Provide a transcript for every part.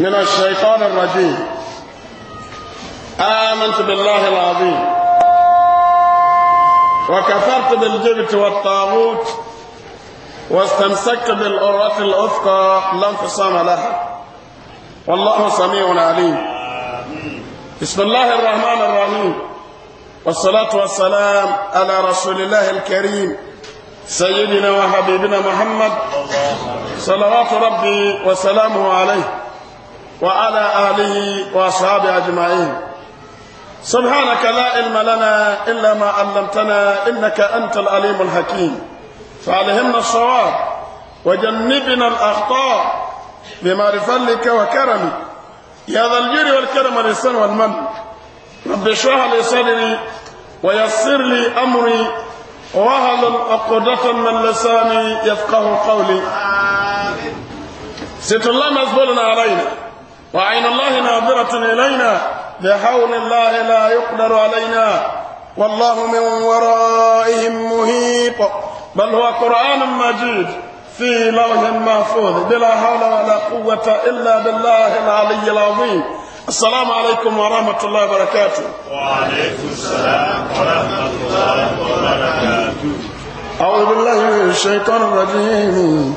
من الشيطان الرجيم آمنت بالله العظيم وكفرت بالجبت والطاغوت واستمسكت بالأرة الأثقى لا انفصام لها والله سميع عليم بسم الله الرحمن الرحيم والصلاة والسلام على رسول الله الكريم سيدنا وحبيبنا محمد صلوات ربي وسلامه عليه وعلى آله وأصحابه أجمعين سبحانك لا علم لنا إلا ما علمتنا إنك أنت العليم الحكيم فعلهمنا الصواب وجنبنا الأخطاء بما فضلك وكرمك يا ذا الجير والكرم والإحسان والمن رب اشرح لي صدري ويسر لي أمري وهل عقدة من لساني يفقه قولي ست الله مزبولنا علينا وعين الله ناظرة إلينا بحول الله لا يقدر علينا والله من ورائهم مهيط بل هو قرآن مجيد في لوح محفوظ بلا حول ولا قوة إلا بالله العلي العظيم السلام عليكم ورحمة الله وبركاته وعليكم السلام ورحمة الله وبركاته أعوذ بالله من الشيطان الرجيم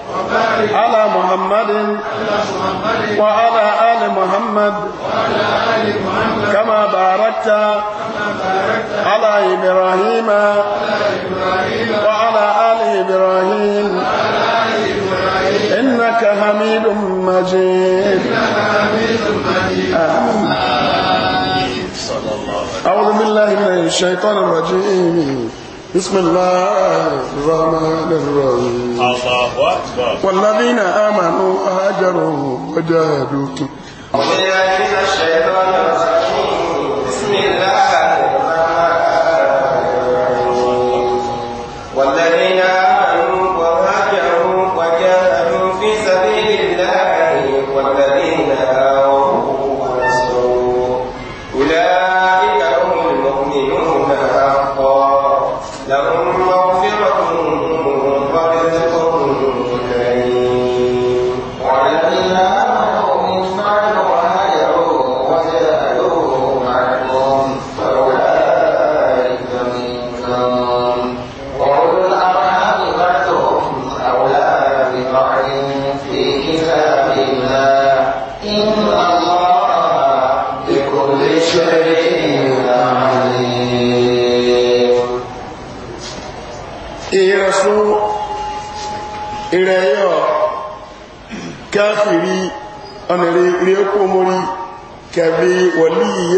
على محمد وعلى آل محمد كما باركت على إبراهيم وعلى آل إبراهيم إنك حميد مجيد أعوذ بالله من الشيطان الرجيم بسم الله الرحمن الرحيم الله أكبر والذين آمنوا هاجروا وجاهدوا أعوذ بالله من الشيطان الرجيم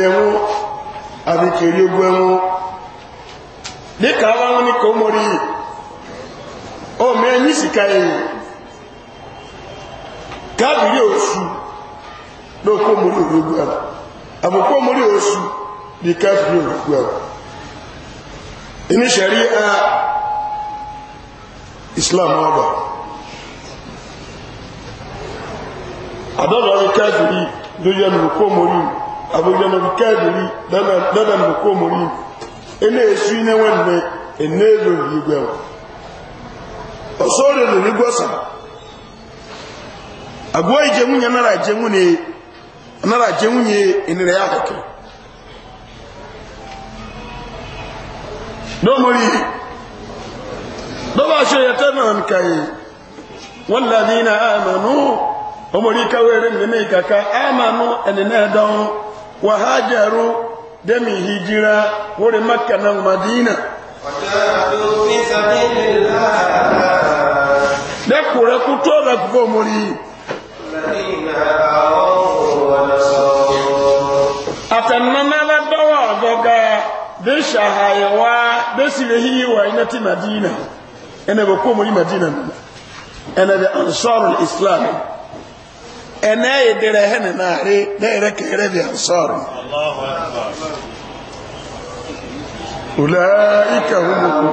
ẹ̀wọ̀n àbí kèrè ogun ẹ̀wọ̀n díkà wọn ní kò mọ̀rí ó mẹ́yìn síkà èyí káàbìrí òṣù ló kó mọ̀rí ogun ẹ̀wọ̀n àbùkó mọ̀rí òṣù ní káàbìrí ogun ẹ̀wọ̀n iníṣẹ̀rí a islam ọgbà àdọ́lọ́rin káàbìrí ló yẹ lùkó mọ̀rí òṣù abụghị abụjana kebiri dada mbokomori na e esu ine nwanne ena-ezoghị igwe ọsọ ọrịa lụrụ igwesa agụọ ije nwunye nara je nwunye nara je nwunye enere ya akụkụ n'omori dọba asọ ya tana nka yi wallazi na amanu omori were mmemme ikaka amanu enene dọrọ وهاجروا دم هجرة ولمكة المدينة وجاهدوا في سبيل الله لكورا كتورا كفومري الذين آووا ونصروا أتمنى لدوا غوغا بشهايوا بسلهي وإنة مدينة أنا بكومري مدينة أنا بأنصار الإسلام ẹnẹ́ ìdíra ẹ̀hẹ́nì náà rí lẹ́ẹ̀rẹ́ kẹrẹ́ bí àṣọ́rọ̀ ọ̀lá ìkàhùnmùkù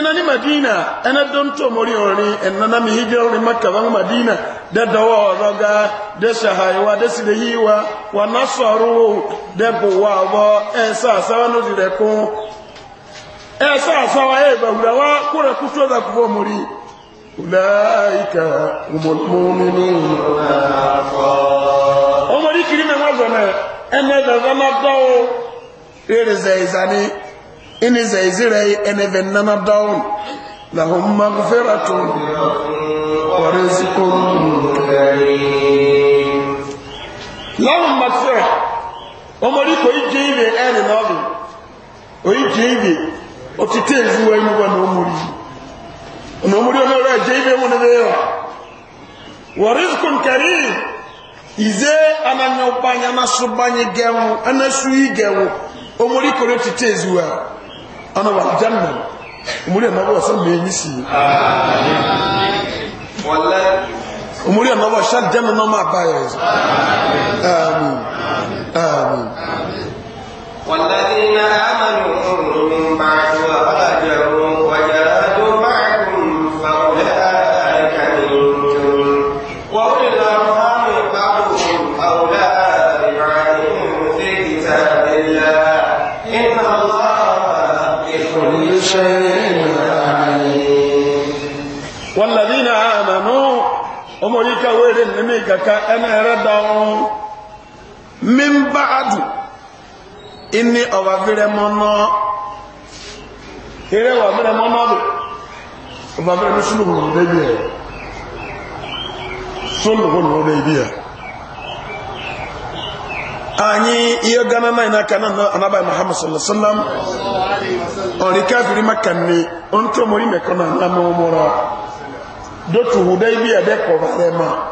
ẹ̀nà ní madina ẹ̀nà dọ́ntọ́ mọ́rí orin ẹ̀nà náà mihijẹ́ orin makaban madina dẹ́dọ̀wọ́ ọ̀rọ̀gá dẹ́ṣàhàíwá dẹ́sìlẹ̀yíwá wà náà sọ̀rọ̀ dẹ́bùwà ọ̀bọ̀ ẹ̀sà sáwánú rẹ̀ kún ɛsɛ asawa ɛyɛ bahurawa kora kusuo da kufo mori ulaika umulmumini ɔmɔdi kiri mɛ ŋazɔ mɛ ɛnɛ dɛvɛ ma dɔwɔ ɛrɛ zɛyizani ɛnɛ zɛyizirɛ ɛnɛ bɛ nana dɔwɔ lahum magfiratu wa otite ezuwa inuba n'omuli n'omuli onora ajaibe mu nebeyo wa rizqun karim ize ananyobanya amasubanye gewu anasuyi gewu omuli kore otite ezuwa anaba aljanna omuli anaba wasa menyisi omuli anaba wasa aljanna n'oma abayo ezo amin amin والذين آمنوا ere nene kaka ɛna ɛrɛ dɔn mimba adu ini ɔba virɛ mɔnɔ ere wa virɛ mɔnɔ do ɔba virɛ mi sunu wɔn bɛ bi yɛ sunu wɔn bɛ bi yɛ anyi iye gana na ina kana na anaba muhammad sallallahu alaihi wasallam ɔri kafiri makanni ɔntɔ mori mɛkɔ na anamɔ mɔra dotu hudaibiya dɛ kɔba dɛ ma.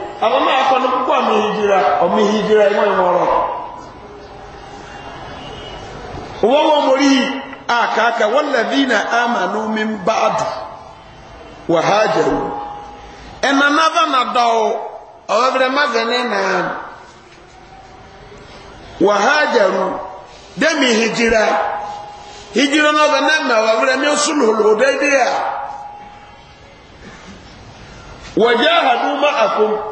àwọn náà kọ́ ní púpọ̀ àmì ìjìra ọmọ ìjìra ìmọ̀ ìmọ̀ràn wọ́n wọ́n mọ̀rí àkàkà na ama mi ń bá dù wà ha jẹ̀rù na dọ̀ọ̀ ọ̀rẹ́bẹ̀rẹ̀ mázẹ̀nẹ́ náà wà ha jẹ̀rù dẹ́mi ìjìra ìjìra náà bẹ̀rẹ̀ mi sùn wọ́n jẹ́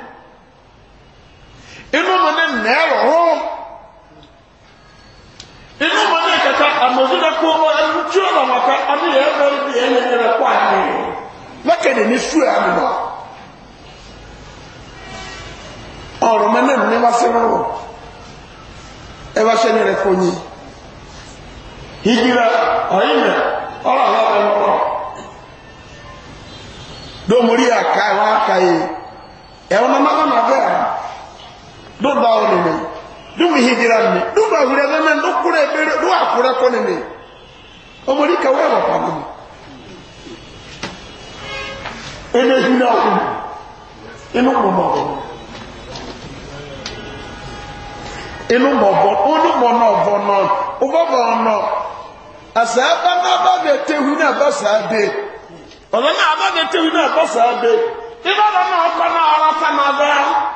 inú mu ní nẹ́ẹ̀rọ̀ rún inú mu ní kẹta àmọ̀dúnlé kó ẹnu tí ó nà wọ́n ká ọdún yẹn bẹ́ẹ̀ bí ẹni yẹn kó àyè lọ́kẹ̀dẹ̀ ní sùúrù àmì ọ̀rọ̀ mẹ́lẹ̀ ní wá sí rọrùn ẹ bá ṣẹ́ni rẹ̀ kò yí hijira ọ̀yìnà ọ̀rọ̀ àwọn ọ̀rọ̀ dómorí àká ẹ̀wọ̀n àká yìí ẹ̀wọ̀n náà má bẹ́ẹ̀ dunda wone ne dum hijira ne do ne ne o mori ka we ba ne ene hina ko inu mo mo inu mo bo onu mo no bo no o bo asa ba na ba be te na ba sa be na na be na ọkọ na ọrọ ka na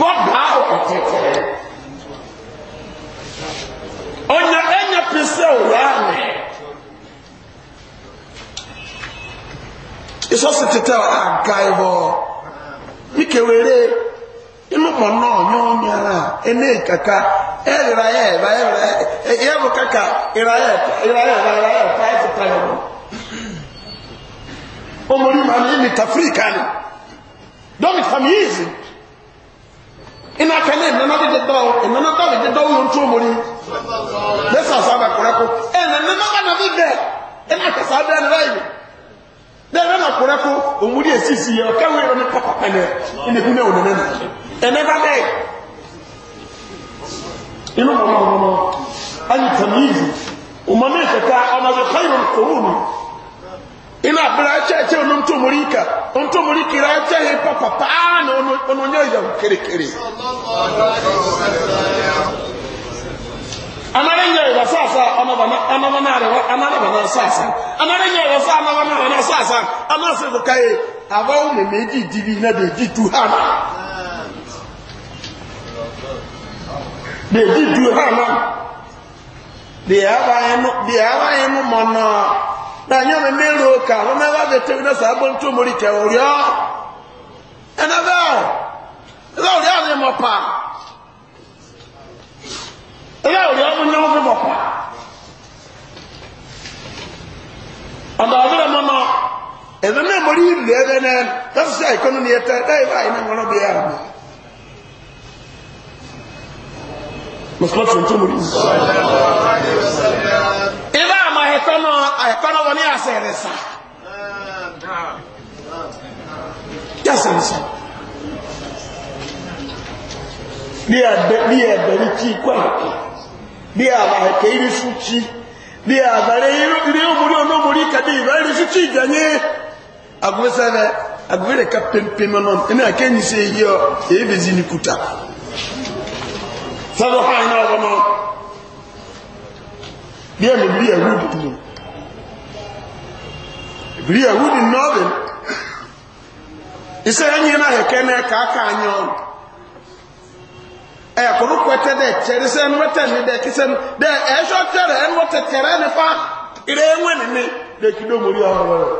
wọ́n bá ọ̀pọ̀ tẹ̀tẹ̀ ọ̀nyà ẹ̀nyà pèsè òwúrọ̀ àmì ìsọ́sì tètè àga ìbọ̀ níkẹwéré inú pọ̀ náà yọ̀ọ́nyà ẹ̀nẹ́ ìkàkà ẹ̀rìrà yẹ̀ ẹ̀rà ẹ̀rà ẹ̀yẹ̀wò kàkà ìrà yẹ̀ ìrà yẹ̀ ìrà yẹ̀ ẹ̀fà ẹ̀fà ẹ̀fà ọmọ orí màmí mi tàfíríkà ni dọ́mìtàmì yìí ina aka nana de de dɔw nana dɔw de de dɔw yɛ ntoma mori ne san san bɛ kɔrɛ ko ɛ nana ka na fi bɛɛ ina kasa san nana yi ne yɛrɛ na kɔrɛ ko o muri yɛ sisi yɛ o kɛ wo yɛrɛ ne papa pɛnɛ ina bi ne o nana na ɛ ne ba bɛɛ inu mɔmɔ mɔmɔ ayi tamizi o ma ne fɛ ka ɔna bɛ kayi mi. ina abira kyɛkyɛ ono ntomorika ntomorikira kyɛhe papa paa ah, na ono nyɛ yaw kerekere anara nyɛ yɛ saasa anabana anabana arewa anabana saasa anara nyɛ yɛ sa anabana arewa saasa anase do kaye abawo ne meji dibi na de di tu ha. de di tu hama de abayɛ no de abayɛ no mɔ ẹ̀yẹ́ mi mẹ́rin òkà wọ́n mẹ́wàá lè tẹ́wé náà sàbọ̀ ní tó mórí tẹ̀wọ̀ rí ọ́ ẹ̀nà bẹ́ẹ̀ ẹ̀rọ rí àwọn ẹ̀mọ̀ pa ẹ̀rọ rí àwọn ẹ̀yẹ́ wọn fi mọ̀ pa ọ̀dọ̀ ọ̀dọ̀ mọ̀ nọ ẹ̀dọ̀ náà mórí ìlú ẹ̀rẹ́ náà lọ́sọ̀ sí àìkọ́nù ni ẹ̀tẹ́ ẹ̀rẹ́ ìwà àyìn náà wọ́n bí ẹ̀rọ mi. mùsùlùmí tó mórí ìlú ẹ̀kọ́nà wọn ní àṣẹ rẹ̀ sá jẹ́sẹ̀ ní sá bí ẹ̀bẹ̀rí kí ikọ́ ẹ̀kọ́ bí àbà ẹ̀kẹ́ irí fún kí bí àbẹ̀rẹ̀ irí omori onomori kàbí ìbẹ̀rẹ̀ irí fún kí ìjẹ̀yẹ agbésẹ́rẹ̀ agbére ka pempem nọ ẹni àkẹ́yìn sí èyí ọ èyí bèzí ní kúta sábà hàn náà wọ́n náà bí ẹni bí ẹ̀rú dìdìlò bí ẹ̀rú dì nọ́ọ̀bì iṣẹ́ ẹ̀yìn náà hẹ̀kẹ́ náà kàákà anyọ́ ẹ̀kọ́rọ̀ pẹ̀tẹ́ dẹ̀ tẹ̀rẹ̀ sẹ́ ẹnu wẹ́tẹ̀ ní dẹ̀ kí sẹ́nu dẹ̀ ẹ̀ṣọ́ tẹ̀rẹ̀ ẹnu wẹ́tẹ̀ tẹ̀rẹ̀ nípa ìrẹ́ ẹ̀wẹ̀ nìní dẹ̀ kí lómori ọ̀rọ̀ rẹ̀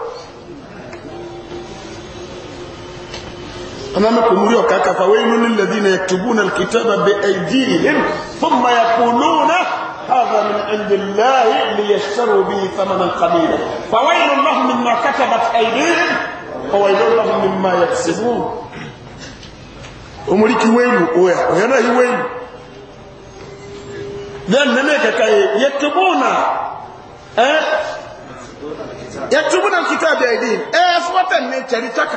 أمام كمريو كاكا فويل للذين يكتبون الكتاب بأيديهم ثم يقولون هذا من عند الله ليشتروا به ثمنا قليلا فويل لهم مما كتبت أيديهم وويل لهم مما يكسبون أمريكي ويل وين هي ويل لأن هناك كي يكتبون أه؟ يكتبون الكتاب بأيديهم أفوة أه من تريتك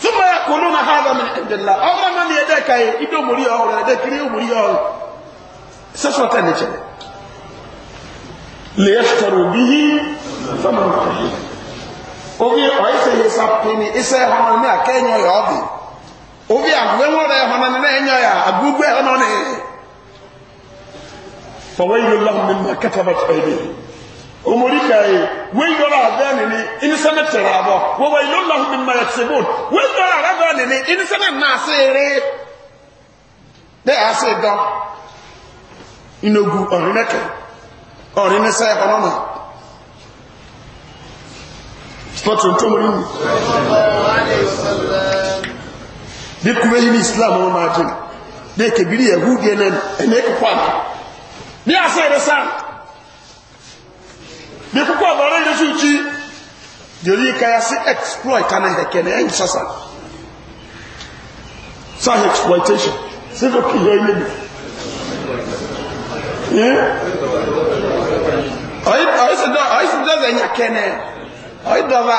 ثم يقولون هذا من عند الله أولا من يديك يدو إيه، مريا أولا يديك ريو مريا sexual time nature le yashtaru bihi thaman qalil obi oyise yesa pini ise hono ni akenyo ya obi obi agwenwo re hono ni enyo ya agugwe hono ni fawailu lahum mimma katabat aydihim omorikaye weyọrọ abẹ nini inisẹmẹ tẹrẹ abọ wọwọyilu lahum mimma yaksibun weyọrọ abẹ nini inisẹmẹ naase re de ase dọn. inogu ọ̀rìnẹ́kẹ̀ ọ̀rìnẹ́sẹ́ ọlọ́mà spọ́tún tó mú nínú bí kúrò islam wọn máa jìn bí kèbìrì ẹ̀hú di ẹ̀nẹ́ kíkọ́ àmà bí a sọ ẹ̀rẹ́ sáà bí kúkọ́ ọ̀bọ̀rọ̀ ìrẹsù exploit ana ẹ̀kẹ́ ní ẹ̀yìn sọ́sà exploitation sí fún kìlọ̀ ọyịsị dọba nya kene ọyịdọba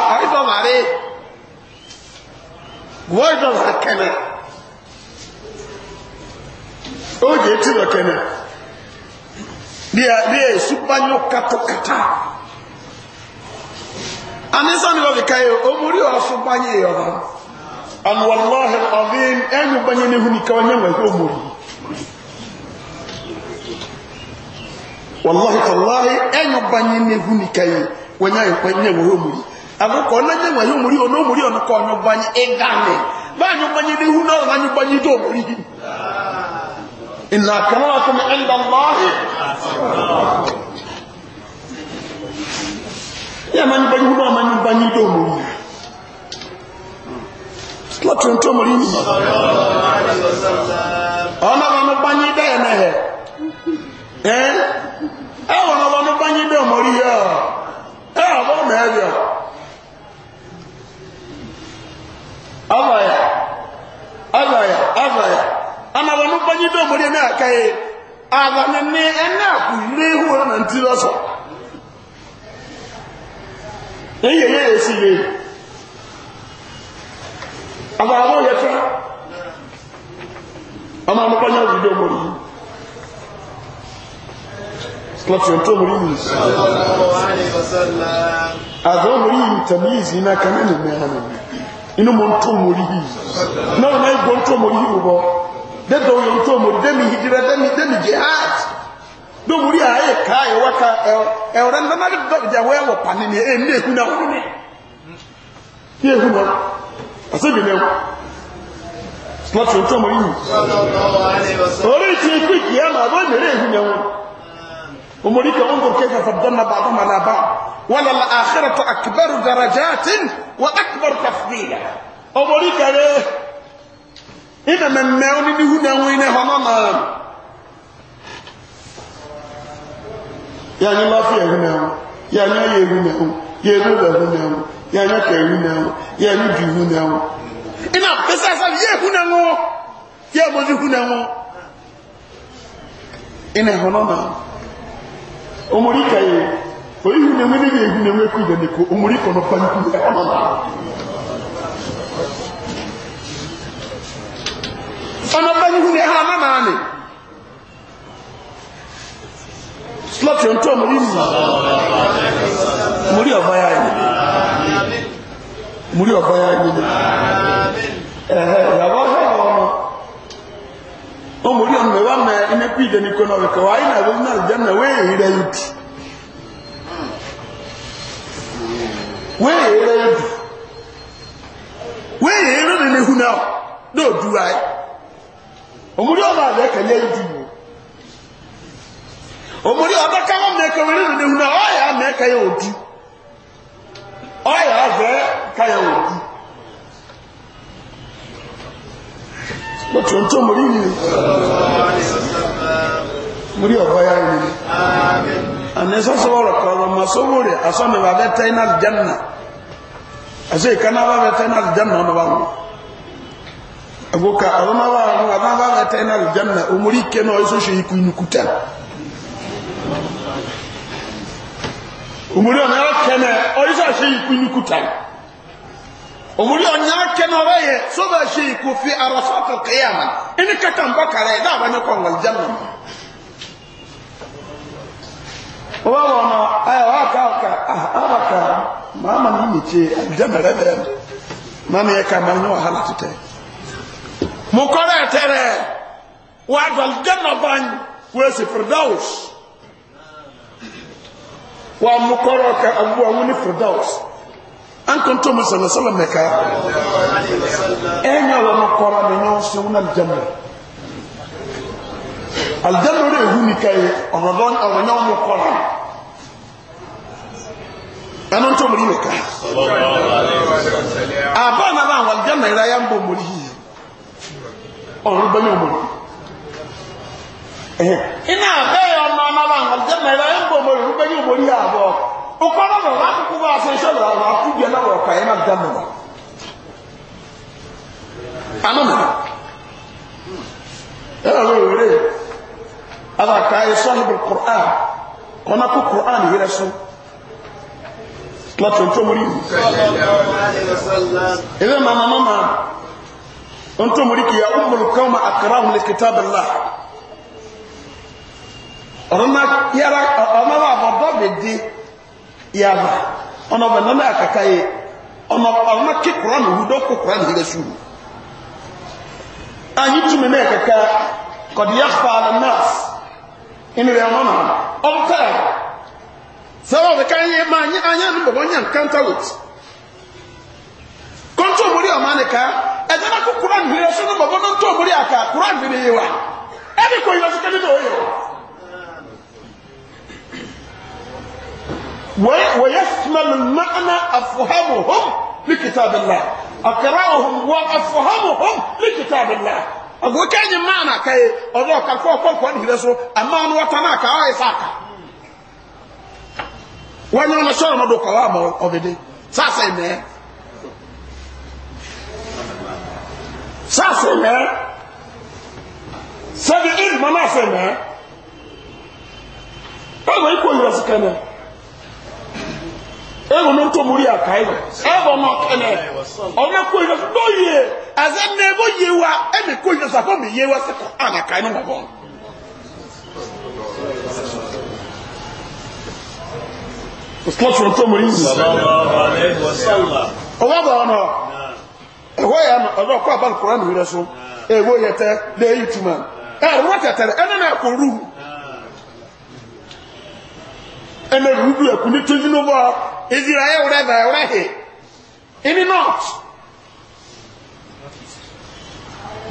oge etiro kene bia bia esupanyo katokata anisani lọ omori ọsùn gbanye yọrọ ọnù wàllu ọhìn gbanye n'ihu nìkan onye nwere omori. wallahi tallahi enyo banye ne huni kai wanya kwanye wo muri agoko na nye wo muri ono muri ono ko onyo banye egane banyo banye ne hu no banyo banye do muri inna akramakum inda allah ya man banye hu no man banye do muri láti ohun tó mọ̀ rí ní ọmọ ọmọ bá ní dẹ́ẹ̀mẹ́ ẹ̀ ẹwọ̀n ọmọ ní bá yín bẹ́ẹ̀ mọ́ rí yá ẹwọ̀n ọmọ ya, ọ̀bọ̀yà ọ̀bọ̀yà ọ̀bọ̀yà ọmọ ọmọ ní bá yín bẹ́ẹ̀ mọ́ rí náà káyé àgbàmì ní ẹni àkù ilé ihu ọ̀nà tí lọ́sọ̀ èyí yẹ fẹ́ ọmọ ọmọ láti ọ̀tọ́ mú rí yìí àzọ́ mú rí yìí tàbí yìí iná kaná lè mẹ́rin inú mọ́ tó mú rí yìí náà náà igbó tó mú rí yìí bọ́ dẹ́dọ̀ yóò tó mú rí dẹ́mi hijira dẹ́mi dẹ́mi jihad dómú rí ààyè ká ẹ̀wọ́ e ká e, ẹ̀wọ́rẹ́ e ndáná dọ̀jà wọ́ ẹ̀wọ̀ pàní ni ẹ̀ ní èkú náà wọ́n ní ní èkú náà àṣẹ́bì lẹ́wọ̀ láti ọ̀tọ́ mú rí yìí orí ti ikú ìkìyà máa bọ́ ìmẹ̀rẹ̀ èkú náà wọ́n ومريك انظر كيف فضلنا بعضهم على بعض وللآخرة أكبر درجات وأكبر تفضيلا ومريك ليه إذا من ماوني هنا وين هماما يعني الله فيها هنا يعني أي هنا يعني أبا هنا يعني أكا هنا يعني أجي هنا إنا بس أسأل يه هنا يا مجي هنا إنا هنا omurika ye oyihunemwe n'ebihunemwe kwiganeko omurika ono panikuza amama ono panikuza amama ane slot yonto omurimu muri ova yanyu muri ova yanyu ehe yabava omori ọmọ ẹwà mẹ ẹnẹpẹ ìdẹnikọ náà rẹ na yìí náà na náà jẹ náà wéè rẹ ìdù wéè rẹ ìdù wéè rẹ nínú ihu náà náà du ayé omori ọmọ àlẹ kẹlẹ ìdù ọba na azụ ya lọ́tún tó mú rí ni mú ya rí ni àníṣọ́sọ́wọ́rọ̀ kọ̀ọ̀rọ̀ mọ̀ sówó rẹ̀ asọ́mẹ̀wà bẹ́ tẹ́ná jẹ́nà àṣẹ ìkanáwà bẹ́ tẹ́ná jẹ́nà ọ̀nà wa wọn agoka aromawa wọn amáwà bẹ́ tẹ́ná jẹ́nà omori ike náà yóò òwúrọ̀ ọ̀nyá kẹ́nà ọ̀rẹ́ yẹ sọ́bà ṣe ikú fi àràfà kọ̀kẹ́ yà mà ẹni kàtà ń bọ̀ kàrẹ́ ẹ̀ dáàbà ní kọ̀ǹgọ̀ ìjà nà mọ́. wọ́n wọ̀ ọ̀nà ayọ̀ wá ká ọ̀ka àbà ká màmá ní nìkyé àbíjà mẹ́rẹ́ bẹ́ẹ̀ màmá yẹ ká màmá ní wàhálà títẹ̀. mo kọ́rẹ́ tẹ́rẹ̀ wà á dọ̀lì jẹ́ nọ̀bà ń wọ́n sì firdaus wà á mú kọ́rọ̀ ká àbúrò àwọn ní firdaus. أنكم توم صلى الله عليه وسلم مكا أين يوم قرى من يوم سيونا الجنة الجنة ليه هم كي أرضان أو يوم قرى أنا توم ليه مكا أبانا بان والجنة إلا ينبو مليه أرض يوم مليه إنا أبانا بان والجنة إلا ينبو مليه ukɔnɔ lɔ ɔba kuku ba ase nhyɛ lɔ ɔba kuku bia na lɔ ɔkwa yɛ na da mu ano na ɛna lɔ ɔwere ala kaa yɛ sɔhi bi kur'an kɔnɔ ko kur'an yɛrɛ so láti ọjọ́ mórí ìlú ilé màmá màmá ọjọ́ mórí kìí ya ọmọ olùkọ́ ma àkàrà òun lè kìtà bẹ̀lá ọ̀rọ̀ náà yára ọmọ bàbá bọ́ọ̀bì dín yaba ɔnɔ bɛ nana akaka ye ɔnɔ ɔnɔ ke kura nuhu dɔ ko kura nuhu lesu anyi na akaka kɔdiya faala nas na sɛwɔ bɛ ma anyi anyi anu bɔbɔ nyan kanta wot kɔntɔ omori ɔma ka ɛdɛ na ko kura nuhu bɔbɔ omori aka kura nuhu ويشمل المعنى أفهمهم لكتاب الله أقرأهم وأفهمهم لكتاب الله أقول كأي معنى كأي أقول كالفو كالفو أنه رسول أمان أن وطنا كأي ساكا وأنا ما مدوك وما أبدي ساسي مي ساسي مي سبعين مناسي مي أقول كأي رسول ewu no nto muri akai ebo no kene ona ko yo do ye aza ne bo ye wa e me ko yo sa ko ye wa se ko ana kai no bon Slot from Tom Rinzi. Sallallahu alayhi wa sallam. Ọwọ́ bọ̀ ọ̀nà ẹ̀wọ́ yẹn ọ̀dọ́ ọ̀kọ́ àbálùkùránù rẹ̀ so. Ẹ̀wọ́ e yẹtẹ lẹ́yìn túmọ̀. Ẹ̀rọ e tẹ̀tẹ̀rẹ̀ ẹ̀nà e náà kò rúù ɛna rudu ɛku ne tɔnyi no bɔ ezira ayɛ wura ɛda ɛwura hɛ ɛni nɔt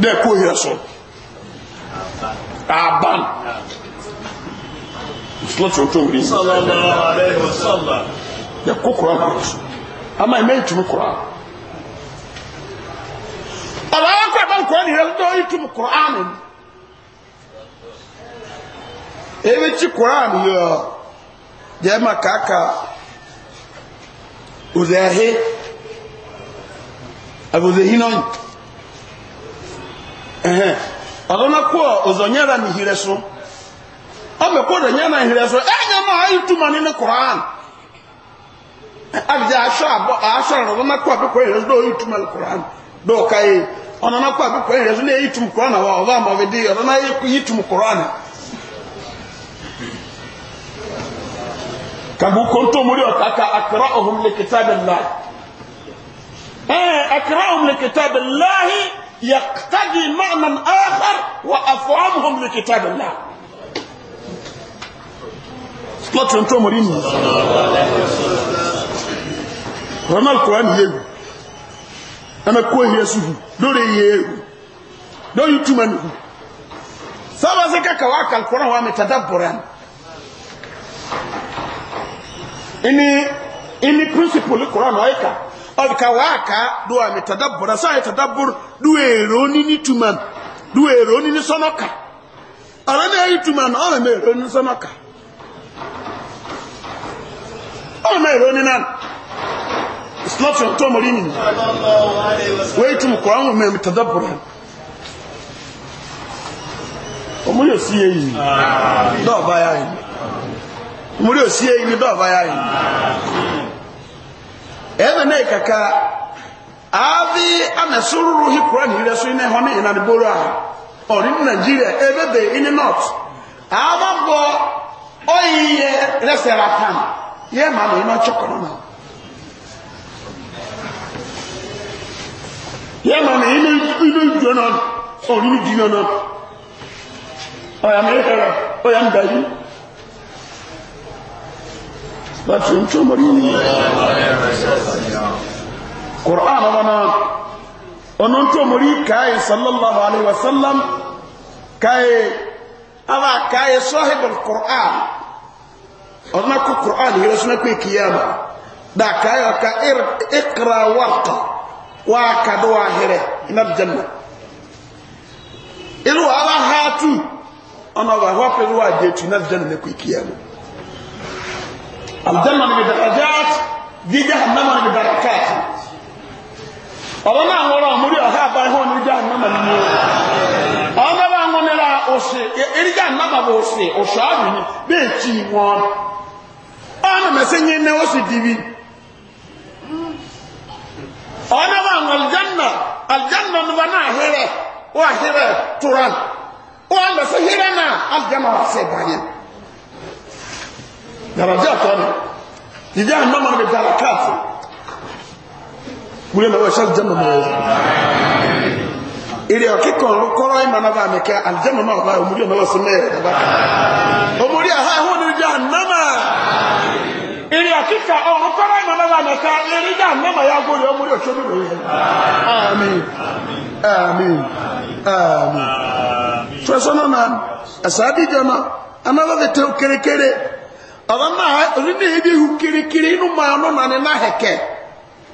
dɛ ɛkó yɛ so aban sọlọtì ọtọ wuli yɛ kó kura kura so ama ɛmɛ ntumi kura ɔlɔ ayɛ kó ɛbɛn kura ni yɛ dɔ ntumi kura anu ebi ti kura anu yɛ. jẹ́mà kàkà òzèhé àbòzèhí náà ẹ̀hẹ́n ọ̀dọ́nà kú ọ̀ òzònyẹ́ra ní ìhìrẹ́ so ọmọ ẹ̀kọ́ rẹ̀ nyẹ́ra ìhìrẹ́ so ẹ̀yẹ́ máa ayé túmọ̀ nínú koran àbíjá aṣọ àbọ̀ aṣọ àrùn ọ̀dọ́nà kú àbíkọ̀ ìhìrẹ́ so lóòyì túmọ̀ koran lóòka yìí ọ̀dọ́nà kú àbíkọ̀ ìhìrẹ́ so lóòyì túmọ̀ koran àwọn ọ̀dọ́ àmọ̀ kagu konto muri kaka akra'uhum li kitabillah eh akra'uhum li kitabillah yaqtadi ma'nan akhar wa af'amhum li kitabillah slot konto muri ni rama alquran yewu ana ko yesu dore yewu do yutumanu sawa zaka kawaka alquran wa metadabburan ini ini principle qur'an ayika ọ̀dùkà wà á ká do àmì tàdàbọ̀rà sáyẹ tàdàbọ̀rà do èrò níní tuma do èrò níní sọ́nọ́kà ọ̀rọ̀ náà yí tuma náà ọ̀rọ̀ mi sonoka? níní sọ́nọ́kà ọ̀rọ̀ mi èrò níní náà islam tó mọ̀rí nìyí wọ́n tún kọ́ àwọn mẹ́rin tàdàbọ̀rà ọmọ yóò sí èyí dọ́ọ̀bá yá yìí. muri osie yi ni dɔɔba ya yi ɛbɛ ne kaka aabi ana sororo hi kura ni yire so ne hɔ ne yina ne boro a ɔne ne nigeria ɛbɛ bɛ ɛne north aaba bɔ ɔyi yɛ rɛsɛra tam yɛ ma ne yina ɔkyɛ kɔnɔ na yɛ ma ne yina yina dua na ɔne ne gyina na ɔyam ɛhɛrɛ ɔyam dayi. láti ohun tí ó mọ̀rí ní ƙùrán wọn ọ̀nà tó mọ̀rí káyẹ sallallahu alaihi wasallam káyẹ ala káyẹ sọ́hìbọn ƙùrán ọ̀nà kó ƙùrán yíò suna pé kìyàmà da káyẹ ọ̀ka ikra warta wa kaduwa hẹrẹ iná janna ilu ala hatu ọ̀nà ọ̀bà hwapẹ̀lú wa jẹ́ tu iná janna pé kìyàmà aljanna ni darajat di jahannama ni barakat ọ̀rọ̀ náà wọ́rọ̀ múrí ọ̀há àbáyé hàn ní jahannama ni o ọ̀rọ̀ náà wọ́n mẹ́ra òṣè eré jahannama bò òṣè òṣè àbìní bẹ́ẹ̀ tí wọ́n ọ̀nà mẹ́sẹ̀ yẹn náà ó sì dìbì ọ̀rọ̀ náà wọ́n aljanna aljanna ni wọ́n náà hẹ́rẹ̀ wọ́n hẹ́rẹ̀ turan wọ́n lọ sí hẹ́rẹ̀ náà aljanna wọ́n sẹ́ daraja tani ni jahannama ni barakati wule na washa aljanna mo ile okikon koro ima na ba meke aljanna ma ba omuri na wasme da ba omuri ha ho ni jahannama ile okika o koro ima na ba meke ile jahannama ya go yo omuri ochobi lo yi amen amen amen amen so so na na asabi jama another the tell kere kere abana orinehebi ehukirikiri inu mano nane naheke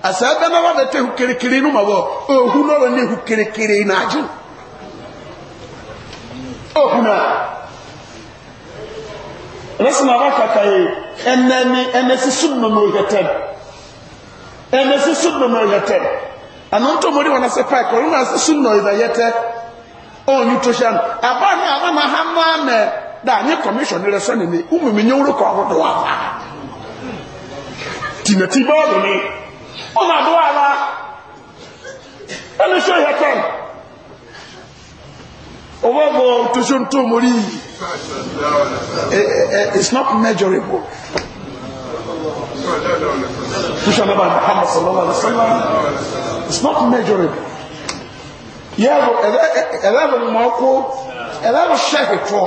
asabena badete ehukirikiri inu mabo ohu noro ne ehukirikiri inaje ohuna resina bakakaye enani na sunno no yetem enesi sunno no yetem anonto mori wana sepa ko na sunno ida yete on yutoshan abana abana hamame da anyị kọmishọn rẹ sọ nene ụmụ mi nye ụrụkọ ọhụrụ wa tinati bọọlụ ni ọ na-adụ ala ẹni sọ ihe kọm ọwọ to ntụsọ ntụ omori iyi it's not measurable it's not measurable yẹ ẹlẹ́rìí mọ́kú ẹlẹ́rìí ṣẹ́kì tọ́.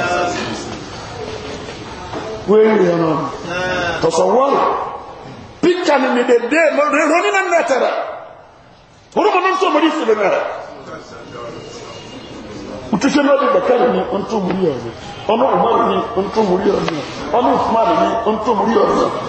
kweli yana tasawwal picha ni midede roni na mnatara uruko mtu mrifu na mara utushe na bakari ni mtu mlio ono umar ni mtu mlio ono usman ni mtu mlio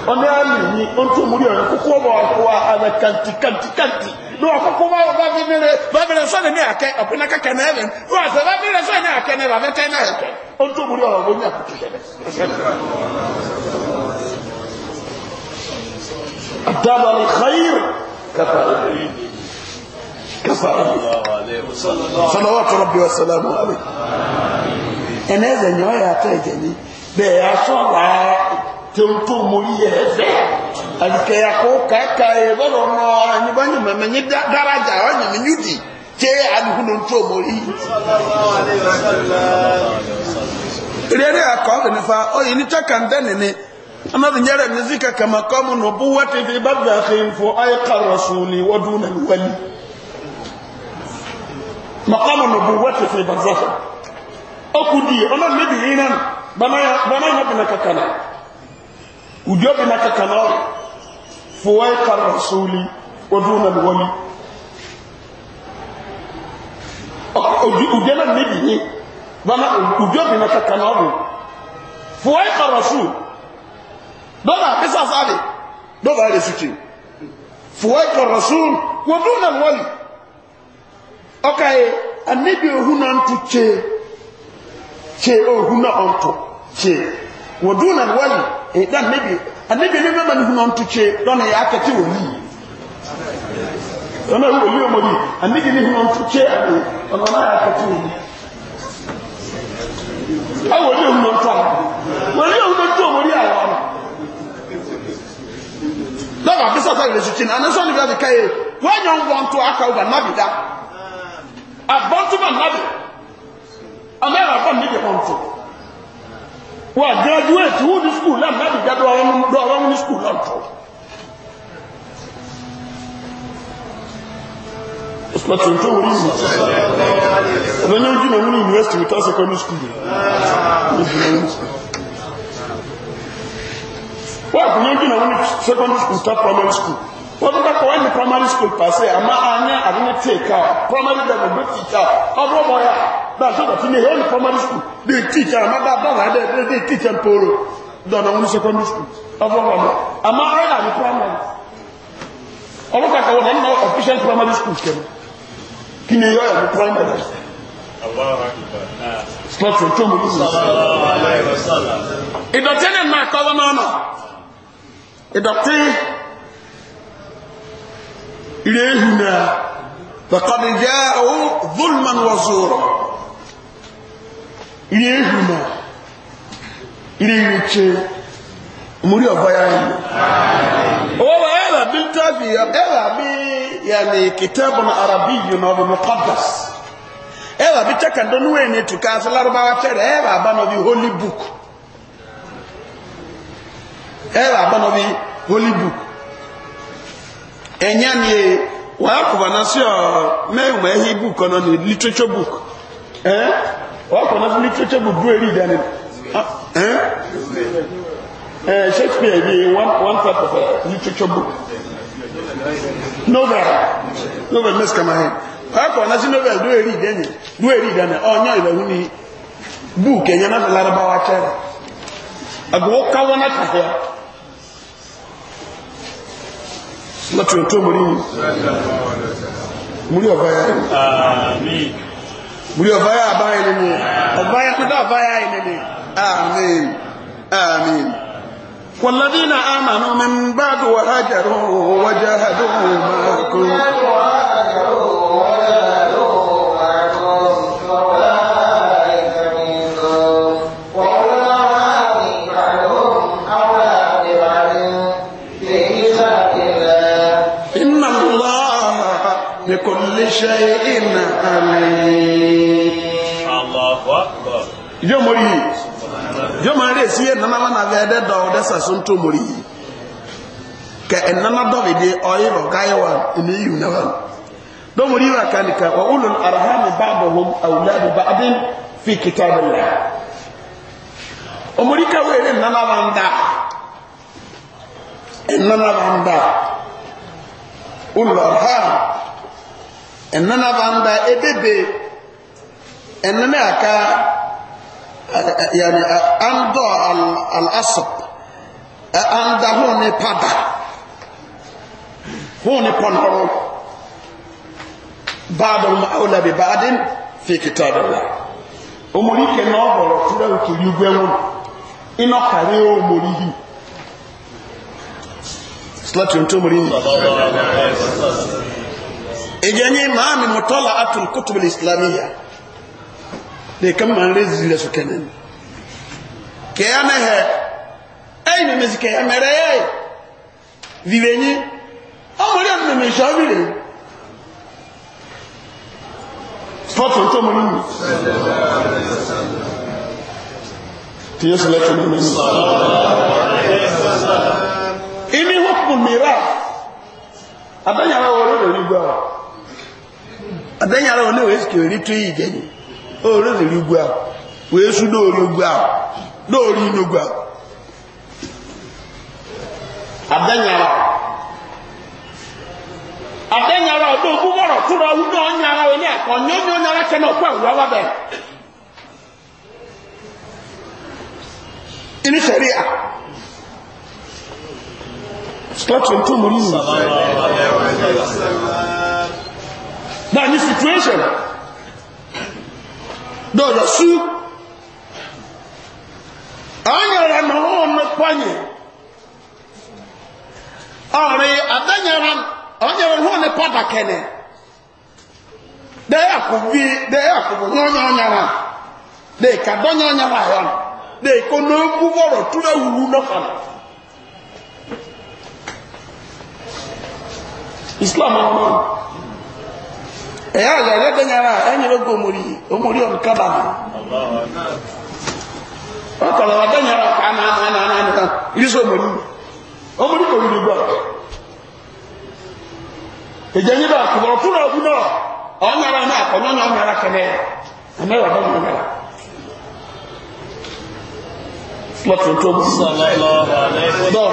ono ali ni mtu mlio kuko kwa kwa ana kanti kanti kanti no akoko ba ba bi mere ba bi so ne ake opina ka kana even do ase ba bi so ne ake ne ba be kai na ake on to muri o bo nya ku tebe adaba al khair kafa kafa salawatu rabbi wa salamu alayhi eneze nyoya ateje ni be aso la te to muri ye fe akeyako kakaye bọ́dọ̀ nọ anyibanye mẹmẹnyi daraja ọnyẹmẹ nyudi tse adukuno ntọ mori. rere akọ ọdini fa oyi ni takanda nini amadu nyere nizi kakama kọmu na obu wa tete ba bẹ ahe nfo ayi karo suni wadu na wali makamu na obu wa tete ba zafa okudi ọlọdi mebi yinan bana ya bana ya bi na kakana udi obi na kakana ọrụ. فويق الرسول ودون الولي ojana nabi ne bana ojo bi na kakana ọbụ fuwa ịka rasul dọba bisa sadi dọba ya suke fuwa ịka rasul wadu na wali ọka yi anabi ohu na ntụ che che ohu na ọntụ che wadu na wali ịda nabi ɛne bi ne mɛma ne hunu ɔntokye dɔne yɛ akɛte wɔ yii ɔna ɛwɔ yie ɔmɔdi ɛne bi ne hunu ɔntokye ɛne ɔna ɔna yɛ akɛte wɔ yii ɛwɔ yie hunu ɔntɔ a wɔ yie hunu ɔntɔ ɔmɔdi ayɛ ɔno dɔba bi sɛ ɔtɔ yɛ sukyi na anasɔ ne bi adi ka yɛ wɔnyɛ ɔntɔ aka ɔba nabi da abɔntoma nabi ɔna yɛ abɔ ne bi ɔntɔ wà graduate who ní school náà láti jádọ́ ọ̀rọ̀ ní school náà tọ́ ìsìlọ̀tún tó wọ́n ní ìlú ọ̀nà ojú na wọ́n ní university without secondary school wọ́n kùnrin ojú na wọ́n ní secondary school without primary school wọ́n tún kọ́ wọ́n ní primary school pàṣẹ àmọ́ àní àdínní tèèkà primary level teacher. bí I ọdún ọmọ ya dáṣọ́ dọ̀tí ní èyí primary school The dé tìjà àmọ́ dáadáa dé dé tìjà mporo dọ̀nà wọn secondary school ọdún ọmọ àmọ́ àyè àmì primary ọdún kàkà wọn nínú official primary school kẹmu kí ni yọ ẹ̀mí primary slọ́tù tó mú nínú ìdọ̀tí ní mẹ́kọ́ wọn náà ìdọ̀tí إليهنا فقد جاءوا ظلما وزورا إليهنا إليك muri ọba ya yi owó wa ẹ̀rà bí tàbí ẹ̀rà bí yàní kìtẹ́bùn arabi yìí na ọbọ̀ mọ́kọ́dọ̀s ẹ̀rà bí tẹ́kàndọ́ níwẹ̀ ní ètùkà sí lárúbáwá tẹ́rẹ̀ ẹ̀rà abánọ́bí holy book ẹ̀rà abánọ́bí holy book enyanie wakubana sio meuma ehi book ni literature book eh si literature book do read eh shakespeare bi one part of literature book novel novel si novel do read do ile larabawa chere láti ọ̀tọ́ mọ̀rí múrí ọ̀báyá múrí ọ̀báyá àbáyá nínú ọ̀báyá pẹ́tà ọ̀báyá nínú na àmìn والذين آمنوا من بعد وهاجروا وجاهدوا معكم شيء عليم الله أكبر يوم مريم yóò máa rí èsì ẹ̀nà náà náà ẹ̀dẹ́ dọ̀ ọ̀dẹ́ sàṣún tó mọ̀rí yìí kẹ ẹ̀nà náà dọ̀bì dé ọ̀yẹ́ bọ̀ káyẹ̀ wà ní yìí náà wà dọ́mọ̀rí wà kánìkà wà ó lòlù arahamu bá bọ̀ wọn àwùlá bí bá adé fi kìtà bẹ̀ lẹ̀ ọmọdé káwé rẹ̀ ẹ̀nà náà wà ń ɛnana banda ebebe ɛnana aka yani andɔ al-asab anda ho ne pada ho ne pɔnɔrɔ baadɔn ma aw labi baaden fi kita dɔ la omori kɛ na ɔbɔrɔ tura otoli gbɛnwo ina kari o mori yi silati o yi. ejenye maami mutala atul kutub alislamia ne kama nlezi zile sokenen kiyama he ay ne mezi kiyama re vivenye amori ne me shavire spot on to moni tiyas letu ne mezi ini hukumu mira adanya wale ndio adanyara one wee sikere eri iyi jenyi o riri ugwu ahụ wee su n'ori ugwu ahụ n'ori n'ugwu ahụ adanyara adanyara ọdọ ogbu tụrụ ọwụ na onye a ka onye onye kene ọkwa ewu ọwa na ni situation dɔɔdɔ su an yɛrɛ na wɔn mɛ kpanye ɔre ada yɛrɛ ɔn yɛrɛ wɔn ne pata kɛnɛ de akobi de akobo nyɔnyɔ nyara de kadɔ nyɔnyara yɔn de ko n'obu wɔrɔ tura wulu n'ɔfana. islam ọmọ ẹ̀yà àgbàgbà gbẹ̀nyàrá ẹ̀yìn ogun omori omori ọ̀nkaba ọkọ̀lọ̀ wà gbẹ̀nyàrá àmà àmà àmà àmà àmà ìrísí omori omori kò wúlò gbọ́ ìjẹ́ yín náà kùbọ̀rọ̀ tó náà ọdún náà ọ̀nyàrá náà kọ̀ nyọ́nyà ọ̀nyàrá kẹlẹ́ ẹ̀mẹ́ wà bẹ́ẹ̀ nyọ́nyàrá. lọ́tún tó mú náà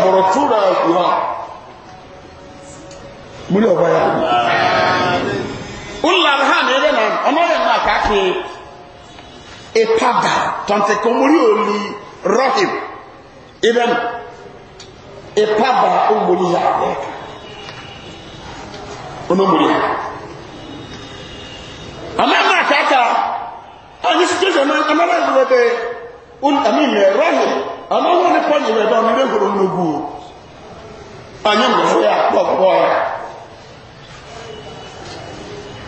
bọ̀rọ̀ tó náà kù ha múlẹ̀ ọ̀bá yà. ular ha na ebe na ọmọdé na kàkì ìpadà tọ̀ntẹ̀kọ̀mọ́rí òní rọ́hìm ebe na ìpadà òmòrí ya ẹ̀ka ya ọmọdé na kàkà ọdún situation na na bẹbẹ ọmọdé na rọ́hìm na pọ́nyìn na gbogbo ọmọdé na na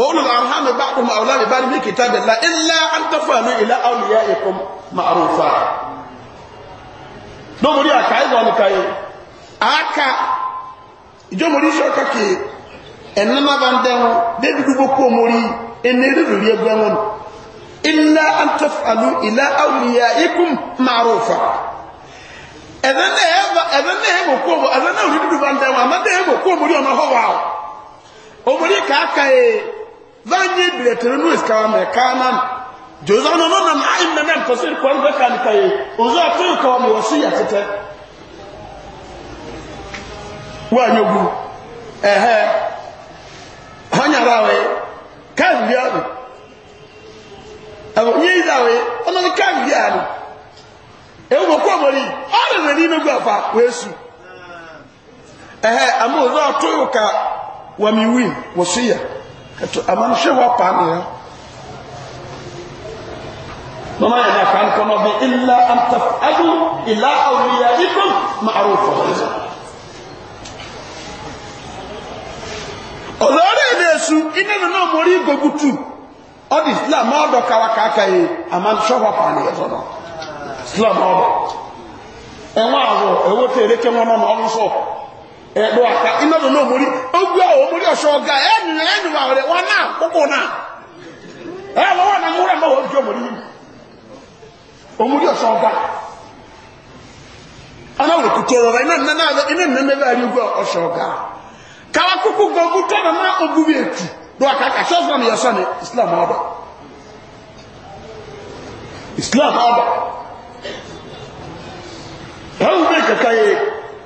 وأولو الأرحام بعضهم أولى ببعض في كتاب الله إلا أن تفهموا إلى أوليائكم معروفا نمري أكا إذا نكاي أكا جمهوري شو كي إنما بندهم دي دوبوكو موري إني ريدو يبغون إلا أن تفعلوا إلى أوليائكم معروفا ɛdɛ ne ɛba ɛdɛ ne ɛbɔ kuomu ɛdɛ ne odi dudu ba ntɛ wa ama ne ɛbɔ kuomu di ɔna hɔ wa o omori kaka yee vanyi biletiri nu isikawa mɛ kaanam jose ɔno no nam ayi mɛ nam kɔsi kɔn bɛ ka nika yi ozo ato ikɔ mi wɔsi yɛ tetɛ wa nyo gu ɛhɛ hɔnyara awɛ kan bi awɛ ɛwɔ yi awɛ ɔno ni kan bi awɛ ewu mo mori ɔno na ni nugu afa Eh? ɛhɛ ama ozo ato ikɔ wa mi win wɔsi yɛ ɛtɔ amanhyɛ wɔ paa ne yɛ mama yɛ na kan kɔnɔ bi illa antaf adu ila awliya ikum ma'arufa ɔlɔri yi n'esu ina na na mori gogutu ɔdi islam ɔdɔ kawa kaka yi amanhyɛ wɔ paa ne yɛ tɔ no ɔdɔ ɛwɔ awɔ ɛwɔ tɛ ereke wɔn na ɔno ẹ̀dọ́ àká iná ló náà mórí ó gbé àwọn mórí ọ̀ṣọ́ ọ̀gá ẹ̀nù ẹ̀nù àwọn ọ̀rẹ́ wọn náà kókò náà ẹ̀ lọ́wọ́ náà múrẹ̀ náà wọ́n jọ mórí yìí òmórí ọ̀ṣọ́ ọ̀gá anáwòrán kùtò ọ̀rọ̀ iná nínú iná nínú mẹ́fẹ́ àrí ọ̀ṣọ́ ọ̀gá káwá kúkú náà bí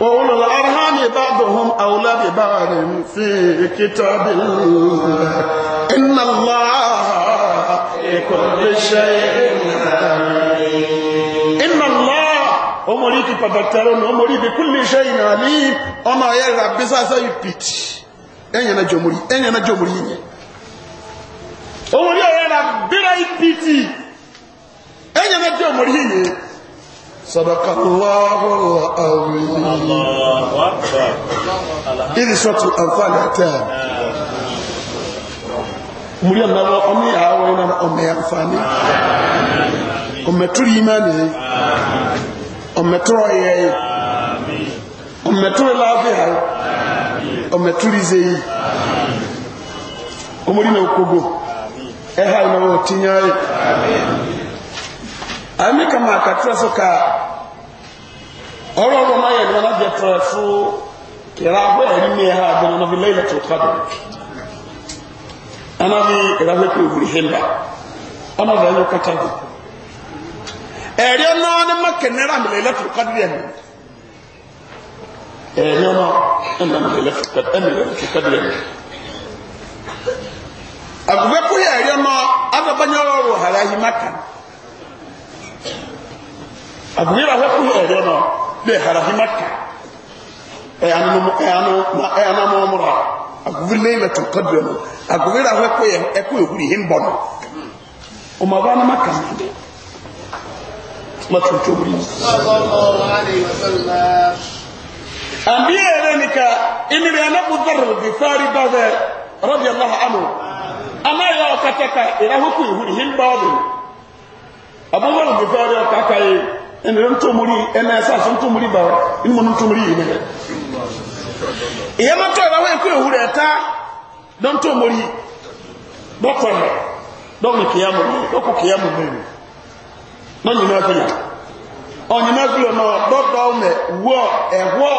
وأولو الأرحام بعضهم أولى ببعض في كتاب الله إن الله بكل شيء عليم إن الله أمريك بابترون أمري بكل شيء عليم أما يرى بساسا يبيت أين أنا جمهوري أين أنا جمهوري أمري يرى بلا يبيت أين أنا جمهوري صدق الله العظيم الله أكبر na سورة الأنفال أتان muri annaba ọmọ ya wọ́n na ya nfani ọmọ turu imani ọmọ turu ọyẹ ọmọ turu lafiya ọmọ turu izeyi ọmọ rí na okogo ami kama akatira so ka ɔrɔrɔ ma yɛ nana bɛ tɔrɔ so kɛra abɔ yɛ ni mɛ ha dɔrɔn na bi lɛyila tó ka ana bi kɛra bɛ kɛ wuli hɛnda ɔna bɛ yɛ kata do ɛri ɔnaani ma kɛ nɛra mi lɛyila tó ka dɔrɔn ɛri ɔna ɛna mi lɛyila tó ka ɛmi lɛyila tó ka dɔrɔn agubɛ ko yɛ ɛri ɔna adabanyɔrɔ hara yi ma kan. agbèrè ahẹ́kù ẹ̀rẹ́ náà bẹ́ẹ̀ harahimaka ẹ̀yànàmọ́ ọmọrà agbèrè lẹ́yìnlẹ́tù kọ́dùrẹ́ náà agbèrè ahẹ́kù ẹ̀kù ìhúrì yìí maka náà dẹ̀ mọ́tòtò bí. àbí ẹ̀rẹ́ nìka ìmìrì anábùdọ̀rọ̀ bí fárí bá bẹ́ rọ́bì aláha àmọ́ anáyọ̀ ọ̀kàtẹ́ka ìrẹ́hùkù ìhúrì ha ń bọ̀ ọ̀bù abúlé òbí fárí ọ̀kàkà ẹnìyẹ ntòmúrí ẹnà ẹsẹ àti ntòmúrí bá wa inú ya ntòmúrí yìí nìyẹn. ìyẹn mọ tọ́ ìbáwọ̀ ẹ̀kọ́ ìhùrẹ̀ ẹ̀ta dọ́ ntòmúrí dọ́kọ̀ọ̀nà dọ́kùn kìyàmù mi dọ́kùn kìyàmù mi mi lọ́nyìn náà fi yà ọ̀nyìn náà fi yà náà dọ́dọ̀ wọ́ ẹ̀wọ́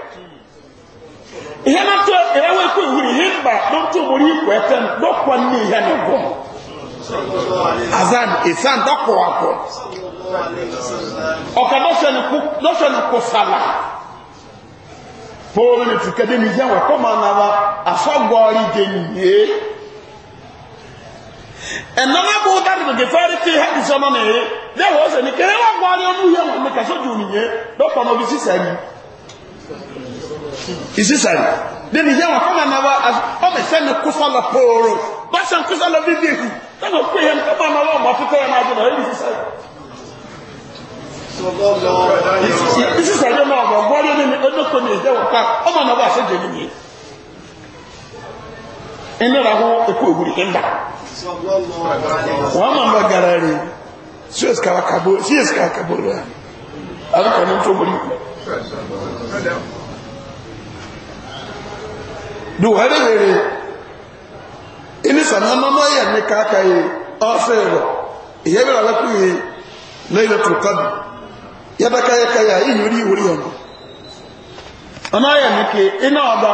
ihe na ntụ ewe ihe mba n'otu ugboro ikwe efe m nne ihe na azan isan dọkpụ akwụ ọka nọshọn kwụsala pọọlụ n'ihe nwe kọma n'aba afọgbọrị dị n'ihe ẹnana bó dáre lòdì fẹẹrẹ tí hẹbi sọmọ nìyẹn lẹwọ kẹrẹ wà gbọ yẹn wọn mi nìyẹn bí sísẹ ìsísàlì níbi yẹn wọn kọ́mà náà wá ọmọ ìsẹ́ni kúsọ́ lọ pòórò báṣẹ kúsọ́ lọ bí bíi tọ́lọ pé yẹn kọ́mà náà wọ́n mọ̀ fúkẹ́ yẹn adùn ọ̀rẹ́ ìsísàlì. ìsísàlì náà wọ̀ gbọ́dọ̀ ní ọdọ́kọ̀ ní ìjẹ́ wọ̀ ká ọmọ náà wà sẹ́jẹ̀ ní yìí. ẹni rà hó ekú òwúrì kí n bà. wọ́n mọ̀ mọ̀ gara rẹ̀ sí èsì kàkàbó rẹ̀ àbúkọ̀ ní tó mọ̀ duwari were ini sana nono ya ni kaka ye ofero iye bira la kuyi laylatul qadr ya baka ya kaya yi yuri yuri yanzu ana ya ni ke ina oda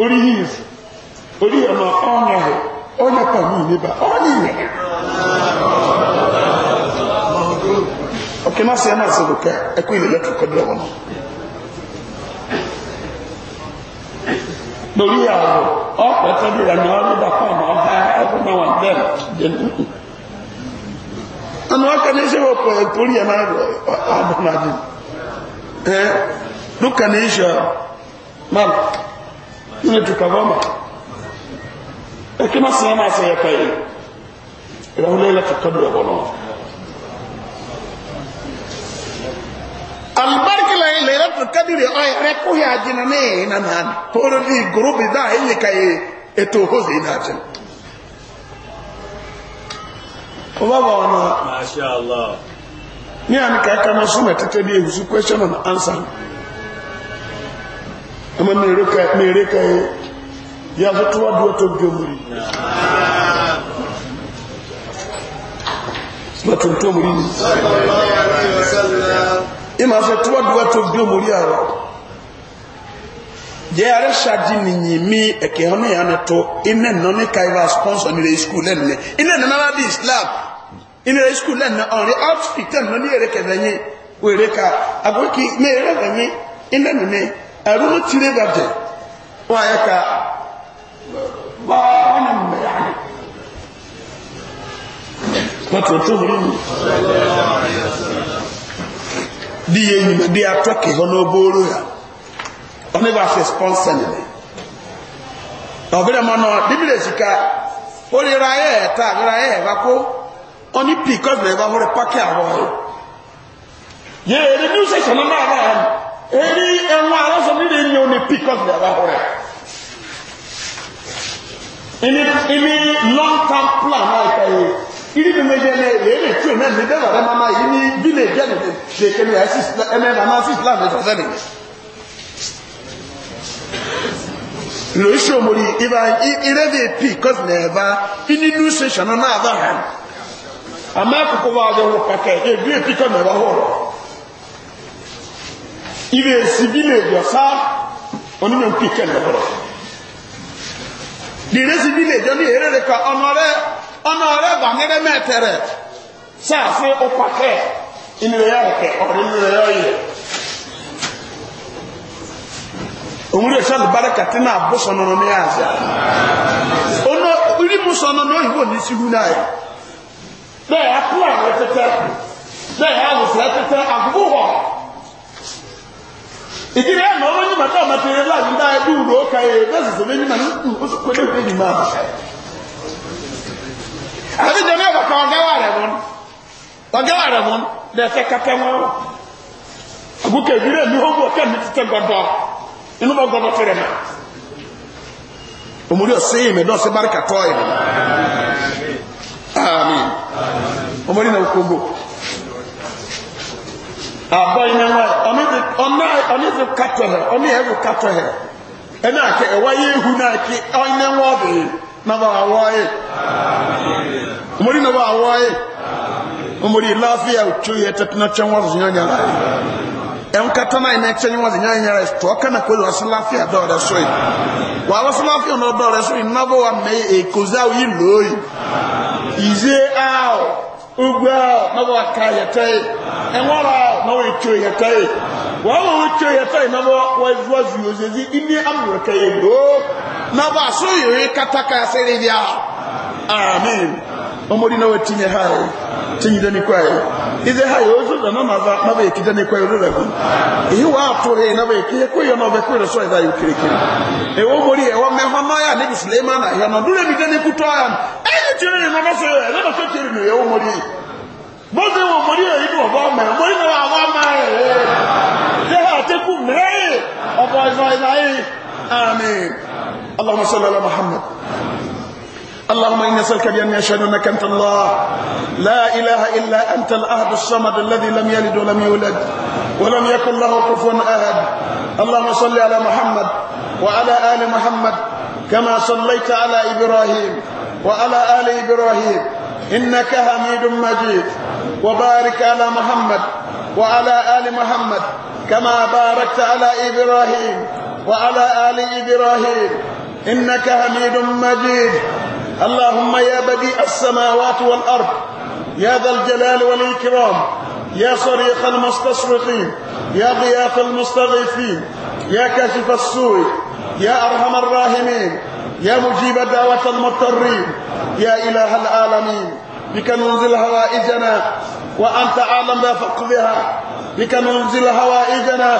ori his ori ona onye he onye pa mi ni ba onye ni Okay, now see, I'm not so good. I couldn't let you cut that one off. lórí àwọn ọ̀pọ̀ tó dìrẹ̀ ní ọdún dàpọ̀ ọmọ ọba ẹkùn náà wà bẹ́ẹ̀ jẹ́nu. ọmọ ọkọ̀ ní ṣẹ́wọ̀ pọ̀ torí ẹ̀ máa rọ̀ àbọ̀nàdì ẹ̀ lókà ní ìṣọ̀ máa nínú ìtùkà bọ́mà ẹ̀kí má sì máa sọ yẹ pẹ̀lú ìràwọ̀lẹ́ ilẹ̀ tó kọ́ albarkila lailatul kadiri ay reku ya jina ne na nan poro ni grupi da ile kai eto hozi ina jin baba wana masha Allah ni an ka a suma tete bi husu question and answer amma ne reka ne reka ya zo tuwa otu to gomuri sallallahu alaihi wasallam ima sɛ tuba duba to bi omori ara jɛ are sadi ni nyimi ɛkɛ hɔn ya ne to ina nɔ ne ka iba sponsor ni re school lɛ nɛ ina nana la di islam ina re school lɛ nɛ ɔri outfit nɔ ni yɛrɛ kɛ lɛnye o yɛrɛ ka ago ki ne yɛrɛ lɛnye ina nene ɛrú ti re ba jɛ o ayɛ ka baa ɔna mɛ yanni pàtó tó wúlò di yɛ enyima di atɔke hɔ n'obooro ya ɔne ba fɛ sponsor ne mi ɔbɛrɛ mu no bibire sika olera ayɛ ɛta olera ayɛ ɛba ko ɔne pii kɔsibɛ ɛba hore paki awɔ yɛ yɛ eri new section no naa baa e e yɛ eri ɛnwa alɔsɔ mi de nye one pii kɔsibɛ ɛba hore ɛni ɛni long term plan naa yɛ e ka yɛ iri bi meje ne ye ne tu ne ne be ba mama yi ni bi ne je ne je ke ne asis e me ba ma asis la ne so se ne lo isho mori iba ire de pi cos never ini nu session na ava han ama ko ko wa do pake e bi pi ko me wa ho ibe sibile yo sa oni me pi ke ne ho dire sibile jo ni ere ka onore ọ̀nà ọ̀rẹ́ gbàngẹ́rẹ́ mẹ́tẹ̀rẹ̀ sáàfí ọpàkẹ́ ìnìyà ọ̀kẹ́ ọ̀rẹ́ ìnìyà ọ̀yẹ̀ òun lè sáàlù bárẹ́kà tí náà bó sọ̀nà ní àṣà ọ̀nà orí mú sọ̀nà ní òyìnbó ní sí húnà ẹ̀ bẹ́ẹ̀ apú àwọn tẹ́tẹ́ bẹ́ẹ̀ àwòsàn tẹ́tẹ́ ahụ. àbí jẹ́ mẹ́wàá kan ọ̀gá wà rẹ̀ wọn ọ̀gá wà rẹ̀ wọn lẹ́sẹ̀ kẹtẹ wọn wọn àbúkẹ́ ìbílẹ̀ mi ó bọ̀ kẹ́mi títẹ́ gbọdọ̀ inú bọ̀ gbọdọ̀ tẹ̀rẹ̀ mọ́ omori ọ̀sẹ̀ yìí mi ami ihu umuri na ba waye umuri lafiya uchuye tatna chanwa zinyanya yan katana ina chanwa zinyanya res to kana ko wasu lafiya ya da soyi wa wasu lafiya no da da soyi na bo wa me e koza yi loyi ize ao ugwa na bo ka ya tai en wala na wo chuye ya tai wa wo chuye ya tai na bo wa zuwa zuyo zezi ini amurka yi do na ba so yi kataka sere dia amin omori na wetinye hayi tinyide ni ize hayi ozo na maza na be kide ni kwaye rere ko ihi wa atore na be kiye na kwere so ida yukirikiri e wo mori e wo me ho na ya ni suleiman ya na dure bi de ni kuto ya e ni tire so ya na so ya bo na ya amin اللهم إني أسألك بأني أشهد أنك أنت الله لا إله إلا أنت الأهد الصمد الذي لم يلد ولم يولد ولم يكن له كفوا أهد اللهم صل على محمد وعلى آل محمد كما صليت على إبراهيم وعلى آل إبراهيم إنك حميد مجيد وبارك على محمد وعلى آل محمد كما باركت على إبراهيم وعلى آل إبراهيم إنك حميد مجيد اللهم يا بديع السماوات والأرض يا ذا الجلال والإكرام يا صريخ المستصرخين يا ضياف المستغيثين يا كاشف السوء يا أرحم الراحمين يا مجيب دعوة المضطرين يا إله العالمين بك ننزل هوائجنا وأنت عالم بفقدها بك ننزل هوائجنا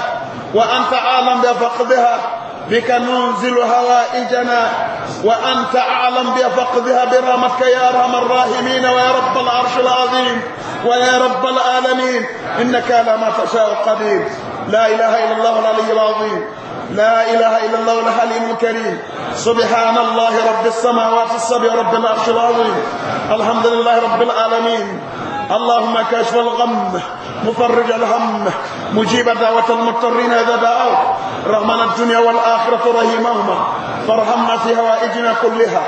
وأنت عالم بفقدها بك ننزل هوائجنا وأنت أعلم بفقدها برامتك يا أرحم الراحمين ويا رب العرش العظيم ويا رب العالمين إنك على ما تشاء قدير لا إله إلا الله العلي العظيم لا إله إلا الله الحليم الكريم سبحان الله رب السماوات السبع رب العرش العظيم الحمد لله رب العالمين اللهم كاشف الغم مفرج الهم مجيب دعوة المضطرين إذا دعوت رغمنا الدنيا والآخرة رهيمهما فارحمنا في هوائجنا كلها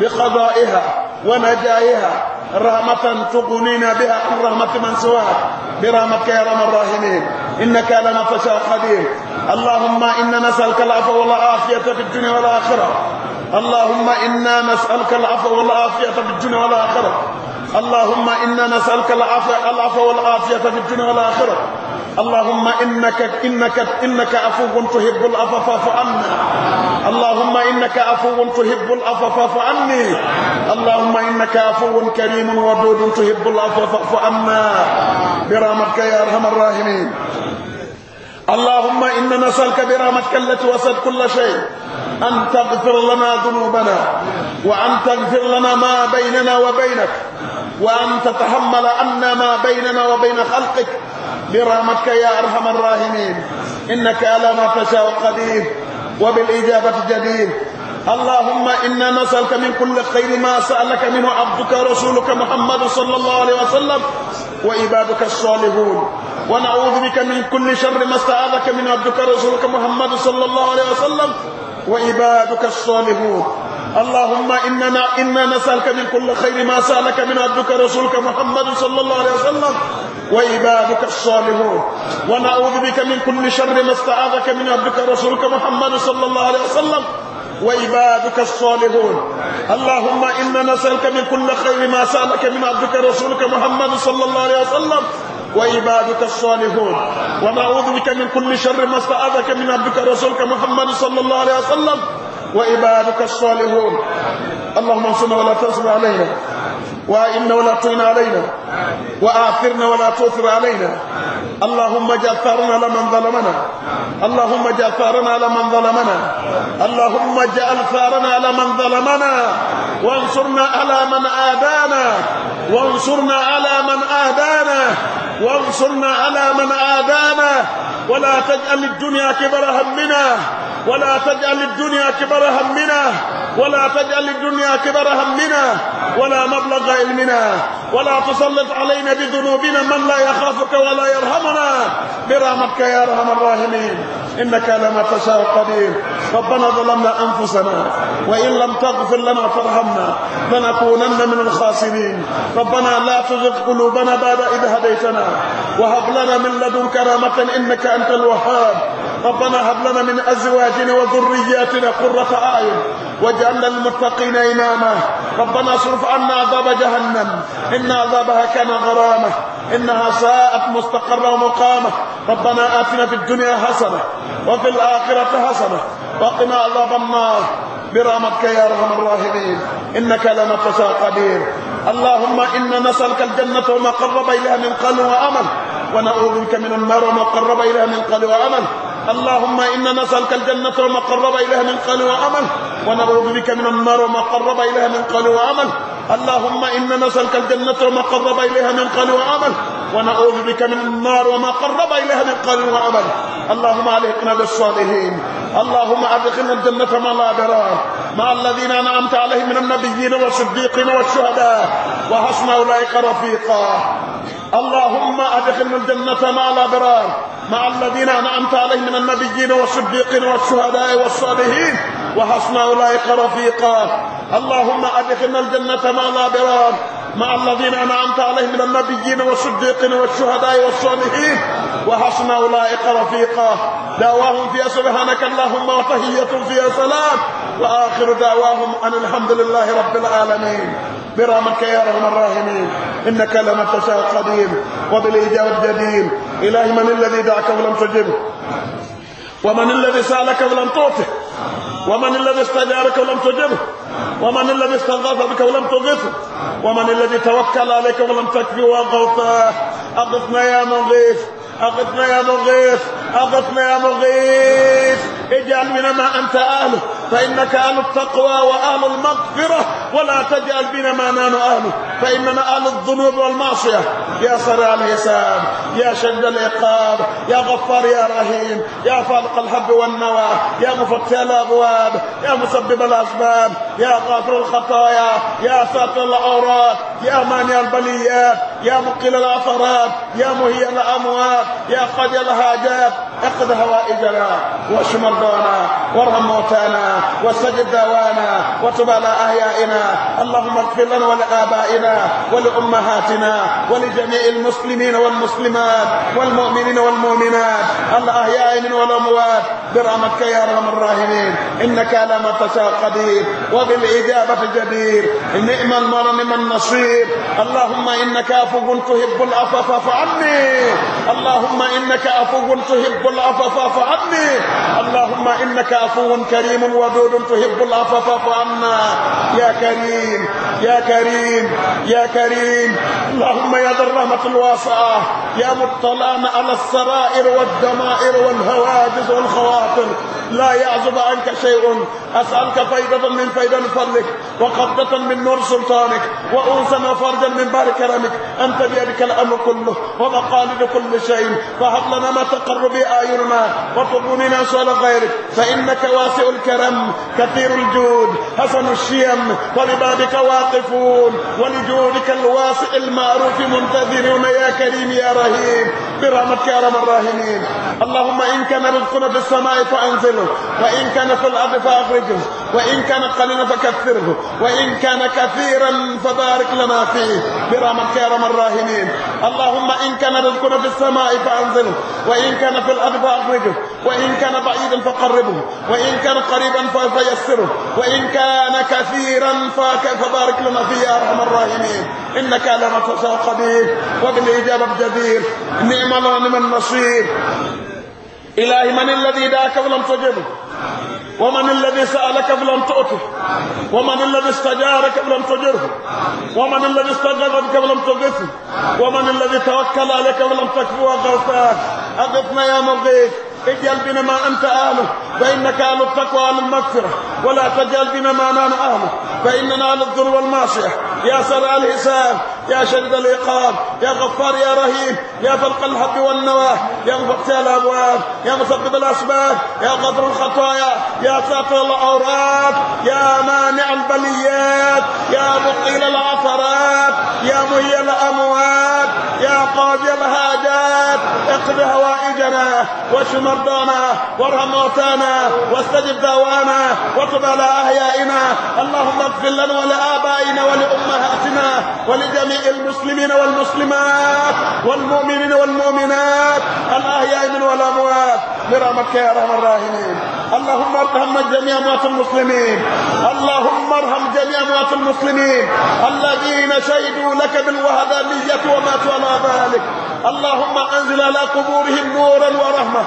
بقضائها ونجائها رحمة تغنينا بها عن رحمة من سواك برحمتك يا رحم الراحمين إنك لنا فشاء قدير اللهم إنا نسألك العفو والعافية في الدنيا والآخرة اللهم إنا نسألك العفو والعافية في الدنيا والآخرة اللهم إنا نسألك العفو والعافية في الدنيا والآخرة اللهم إنك, إنك, إنك عفو تحب العفو فاعف عنا اللهم إنك عفو تحب العفو فاعف عني اللهم إنك عفو كريم ودود تحب العفو فاعف عنا برحمتك يا أرحم الراحمين اللهم إنا نسألك برحمتك التي وسعت كل شيء أن تغفر لنا ذنوبنا وأن تغفر لنا ما بيننا وبينك وأن تتحمل عنا ما بيننا وبين خلقك برحمتك يا أرحم الراحمين إنك على ما تشاء قدير وبالإجابة جدير اللهم إنا نسألك من كل خير ما سألك منه عبدك رسولك محمد صلى الله عليه وسلم وعبادك الصالحون ونعوذ بك من كل شر ما استعاذك من عبدك رسولك محمد صلى الله عليه وسلم وعبادك الصالحون اللهم إننا, إنا نسألك من كل خير ما سألك من عبدك رسولك محمد صلى الله عليه وسلم وعبادك الصالحون ونعوذ بك من كل شر ما استعاذك من عبدك رسولك محمد صلى الله عليه وسلم وعبادك الصالحون اللهم إنا نسألك من كل خير ما سألك من عبدك رسولك محمد صلى الله عليه وسلم وعبادك الصالحون ونعوذ بك من كل شر ما استعاذك من عبدك رسولك محمد صلى الله عليه وسلم وعبادك الصالحون اللهم انصرنا ولا تنصر علينا وإن ولا تعين علينا وآثرنا ولا تؤثر علينا اللهم جافرنا لمن ظلمنا اللهم جافرنا لمن ظلمنا اللهم اجعل فارنا لمن ظلمنا وانصرنا على من آدانا وانصرنا على من آدانا وانصرنا على من آدانا ولا تجعل الدنيا كبر همنا ولا تجعل الدنيا كبر همنا ولا تجعل الدنيا كبر همنا ولا مبلغ علمنا ولا تسلط علينا بذنوبنا من لا يخافك ولا يرحمنا برحمتك يا ارحم الراحمين انك لما تشاء قدير ربنا ظلمنا انفسنا وان لم تغفر لنا فارحمنا لنكونن من الخاسرين ربنا لا تزغ قلوبنا بعد اذ هديتنا وهب لنا من لدنك رحمه انك انت الوهاب ربنا هب لنا من أزواجنا وذرياتنا قرة أعين واجعلنا للمتقين إماما ربنا اصرف عنا عذاب جهنم إن عذابها كان غرامة إنها ساءت مستقرة ومقامة ربنا آتنا في الدنيا حسنة وفي الآخرة حسنة وقنا عذاب النار برامتك يا ارحم الراحمين إنك لنا فساء قدير اللهم إنا نسألك الجنة وما قرب إليها من قلب وأمل ونعوذ بك من النار وما قرب إليها من قلب وأمل اللهم إنا نسألك الجنة وما قرب إليها من قول وعمل ونعوذ بك من النار وما قرب إليها من قول وعمل اللهم إنا نسألك الجنة وما قرب إليها من قول وعمل ونعوذ بك من النار وما قرب إليها من قول وعمل اللهم عليقنا بالصالحين اللهم أدخلنا الجنة مع الأبرار مع الذين أنعمت عليهم من النبيين والصديقين والشهداء وحسن أولئك رفيقا اللهم أدخلنا الجنة مع الأبرار مع الذين أنعمت عليهم من النبيين والصديقين والشهداء والصالحين وحسن أولئك رفيقا اللهم أدخلنا الجنة مع الأبرار مع الذين أنعمت عليهم من النبيين والصديقين والشهداء والصالحين وحسن أولئك رفيقا دعواهم فيها سبحانك اللهم وتهية فيها سلام وآخر دعواهم أن الحمد لله رب العالمين برحمتك يا ارحم الراحمين إنك لما تشاء قديم وبالإجابة جديد إلهي من الذي دعك ولم تجبه ومن الذي سألك ولم تعطه ومن الذي استجارك ولم تجبه ومن الذي استغاث بك ولم تغثه ومن الذي توكل عليك ولم تكفي وغفاه أغثنا يا مغيث أغثنا يا مغيث أغثنا يا مغيث اجعل من ما أنت أهله فإنك أهل التقوى وأهل المغفرة ولا تجعل بنا ما نحن أهله فإننا أهل الذنوب والمعصية يا صريع الحساب يا شد العقاب يا غفار يا رحيم يا فالق الحب والنوى يا مفتح الأبواب يا مسبب الأسباب يا غافر الخطايا يا ساتر العورات يا مانع البليات يا مقل الأثرات يا مهي الأموات يا قضي الحاجات اخذ هوائجنا واشمر دونا وارحم موتانا واستجب دعوانا وتب على أحيائنا اللهم اغفر لنا ولآبائنا ولأمهاتنا ولجميع المسلمين والمسلمات والمؤمنين والمؤمنات الأحياء من والأموات برحمتك يا أرحم الراحمين إنك على ما تشاء قدير وبالإجابة جدير نعم المرء نعم النصير اللهم إنك عفو تحب العفاف فعني عني اللهم إنك عفو تحب العفاف فعني عني اللهم إنك عفو كريم و ودود تحب العفو فاعف عنا يا كريم يا كريم يا كريم اللهم يا ذا الرحمة الواسعة يا مطلعنا على السرائر والدمائر والهواجز والخواطر لا يعزب عنك شيء أسألك فيضة من فيضة فضلك وقبضة من نور سلطانك وأنسا وفرجا من بار كرمك أنت بيدك الأمر كله ومقالد كل شيء فهب لنا ما تقرب به أعيننا وطلبوا منا سؤال غيرك فإنك واسع الكرم كثير الجود حسن الشيم ولبابك واقفون ولجودك الواسع المعروف منتظرون يا كريم يا رهيم برحمتك يا رب الراحمين اللهم إن كان رزقنا في السماء فأنزله وإن كان في الأرض فأخرجه وإن كان قليلا فكثره وإن كان كثيرا فبارك لنا فيه برحمتك يا رب الراحمين اللهم إن كان رزقنا في السماء فأنزله وإن كان في الأرض فأخرجه وإن كان بعيدا فقربه فارزقه وإن كان قريبا فيسره وإن كان كثيرا فبارك لنا فيه يا أرحم الراحمين إنك لما تشاء قدير وبالإجابة الجدير نعم الله نعم النصير إلهي من الذي دعك ولم تجبه ومن الذي سألك فلم تؤته ومن الذي استجارك فلم تجره ومن الذي استغفرك فلم تغفه ومن الذي توكل عليك فلم تكفوه غفاه أغفنا يا مغيث اجعل بنا ما أنت أهله فإنك أهل التقوى أهل المغفرة ولا تجعل بنا ما نحن أهله فإننا أهل الذر والمعصية يا سرع الحساب يا شديد العقاب يا غفار يا رهيم يا فرق الحق والنواه يا مفتح الأبواب يا مسبب الأسباب يا غفر الخطايا يا ساتر العورات يا مانع البليات يا مقيل العثرات يا مهي الأموات قاضي الهاجات اقضي هوائجنا واشف مرضانا وارحم موتانا واستجب دعوانا وقضى على احيائنا اللهم اغفر لنا ولابائنا ولامهاتنا ولجميع المسلمين والمسلمات والمؤمنين والمؤمنات الاحياء من والاموات برحمتك يا ارحم الراحمين اللهم ارحم جميع اموات المسلمين اللهم ارحم جميع اموات المسلمين الذين شهدوا لك بالوهدانيه وماتوا على مالك اللهم أنزل على قبورهم نورا ورحمة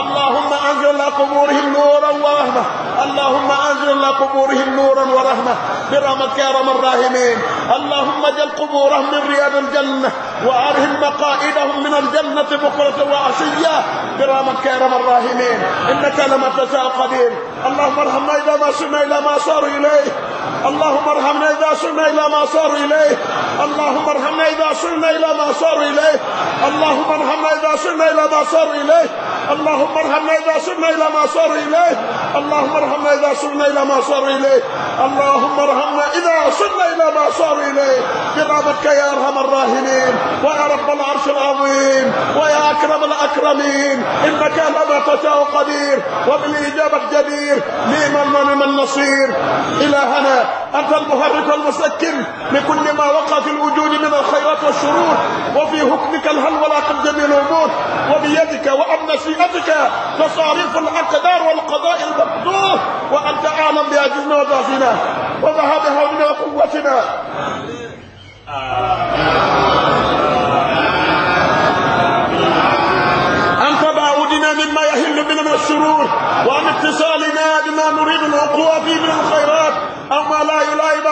اللهم أنزل على قبورهم نورا ورحمة اللهم أنزل على قبورهم نورا ورحمة برحمتك يا رب الراحمين اللهم اجعل قبورهم من رياض الجنة وأرهم مقائدهم من الجنة بكرة وعشية برحمتك يا رب الراحمين إنك لما تشاء قدير اللهم ارحمنا اذا ما شئنا إلى ما صار إليه اللهم ارحمنا إذا صرنا إلى ما صاروا إليه اللهم ارحمنا إذا صرنا إلى ما صاروا إليه اللهم ارحمنا إذا صرنا إلى ما صاروا إليه اللهم ارحمنا إذا صرنا إلى ما صاروا إليه اللهم ارحمنا إذا صرنا إلى ما صاروا إليه اللهم ارحمنا إذا صرنا إلى ما صاروا إليه برحمتك يا أرحم الراحمين ويا رب العرش العظيم ويا أكرم الأكرمين إنك لما تشاء قدير وبالإجابة جدير لمن ومن النصير إلهنا أنت المحرك المسكن لكل ما وقع في الوجود من الخيرات والشرور وفي حكمك الهل والعقب جميع الأمور وبيدك وأمن شيئتك تصاريف الأقدار والقضاء المقدور وأنت أعلم بأجلنا وضعفنا وذهاب هولنا وقوتنا أنت تباعدنا مما يهل بنا من الشرور وأن اتصالنا بما نريد الوقوع فيه من الخيرات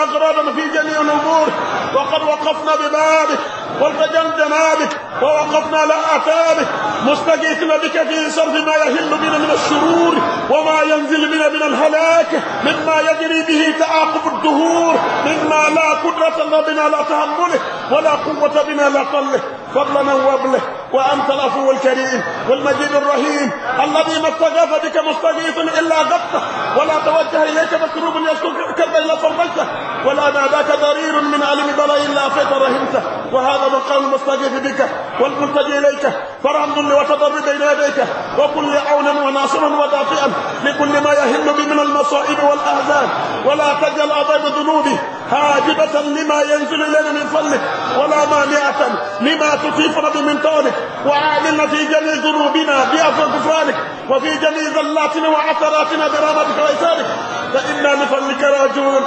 أغربنا في جميع الأمور وقد وقفنا ببابك والتجل جنابك ووقفنا لا أتابك مستغيثنا بك في صرف ما يهل بنا من الشرور وما ينزل بنا من الهلاك مما يجري به تعاقب الدهور مما لا قدرة بنا لا تهمله ولا قوة بنا لا طله فضلنا وابله وأنت الأفو الكريم والمجيد الرحيم الذي ما استجاب بك مستغيث إلا غفته ولا توجه إليك مكروب يسكك إلا فرجته ولا ناداك ضرير من علم بلاء إلا أفيت رحمته وهذا مقام المستغيث بك والملتجي إليك فرحمد وتضرد إلى يديك وكل عونا وناصرا ودافئا لكل ما يهم بي من المصائب والأحزان ولا تجعل عظيم ذنوبي هاجبة لما ينزل إلينا من فضلك ولا مانعة لما تطيفنا من طولك وآمنا في جميع ذنوبنا بأفضل كفرانك وفي جميع ذلاتنا وعثراتنا برحمتك وإحسانك فإنا بفضلك راجون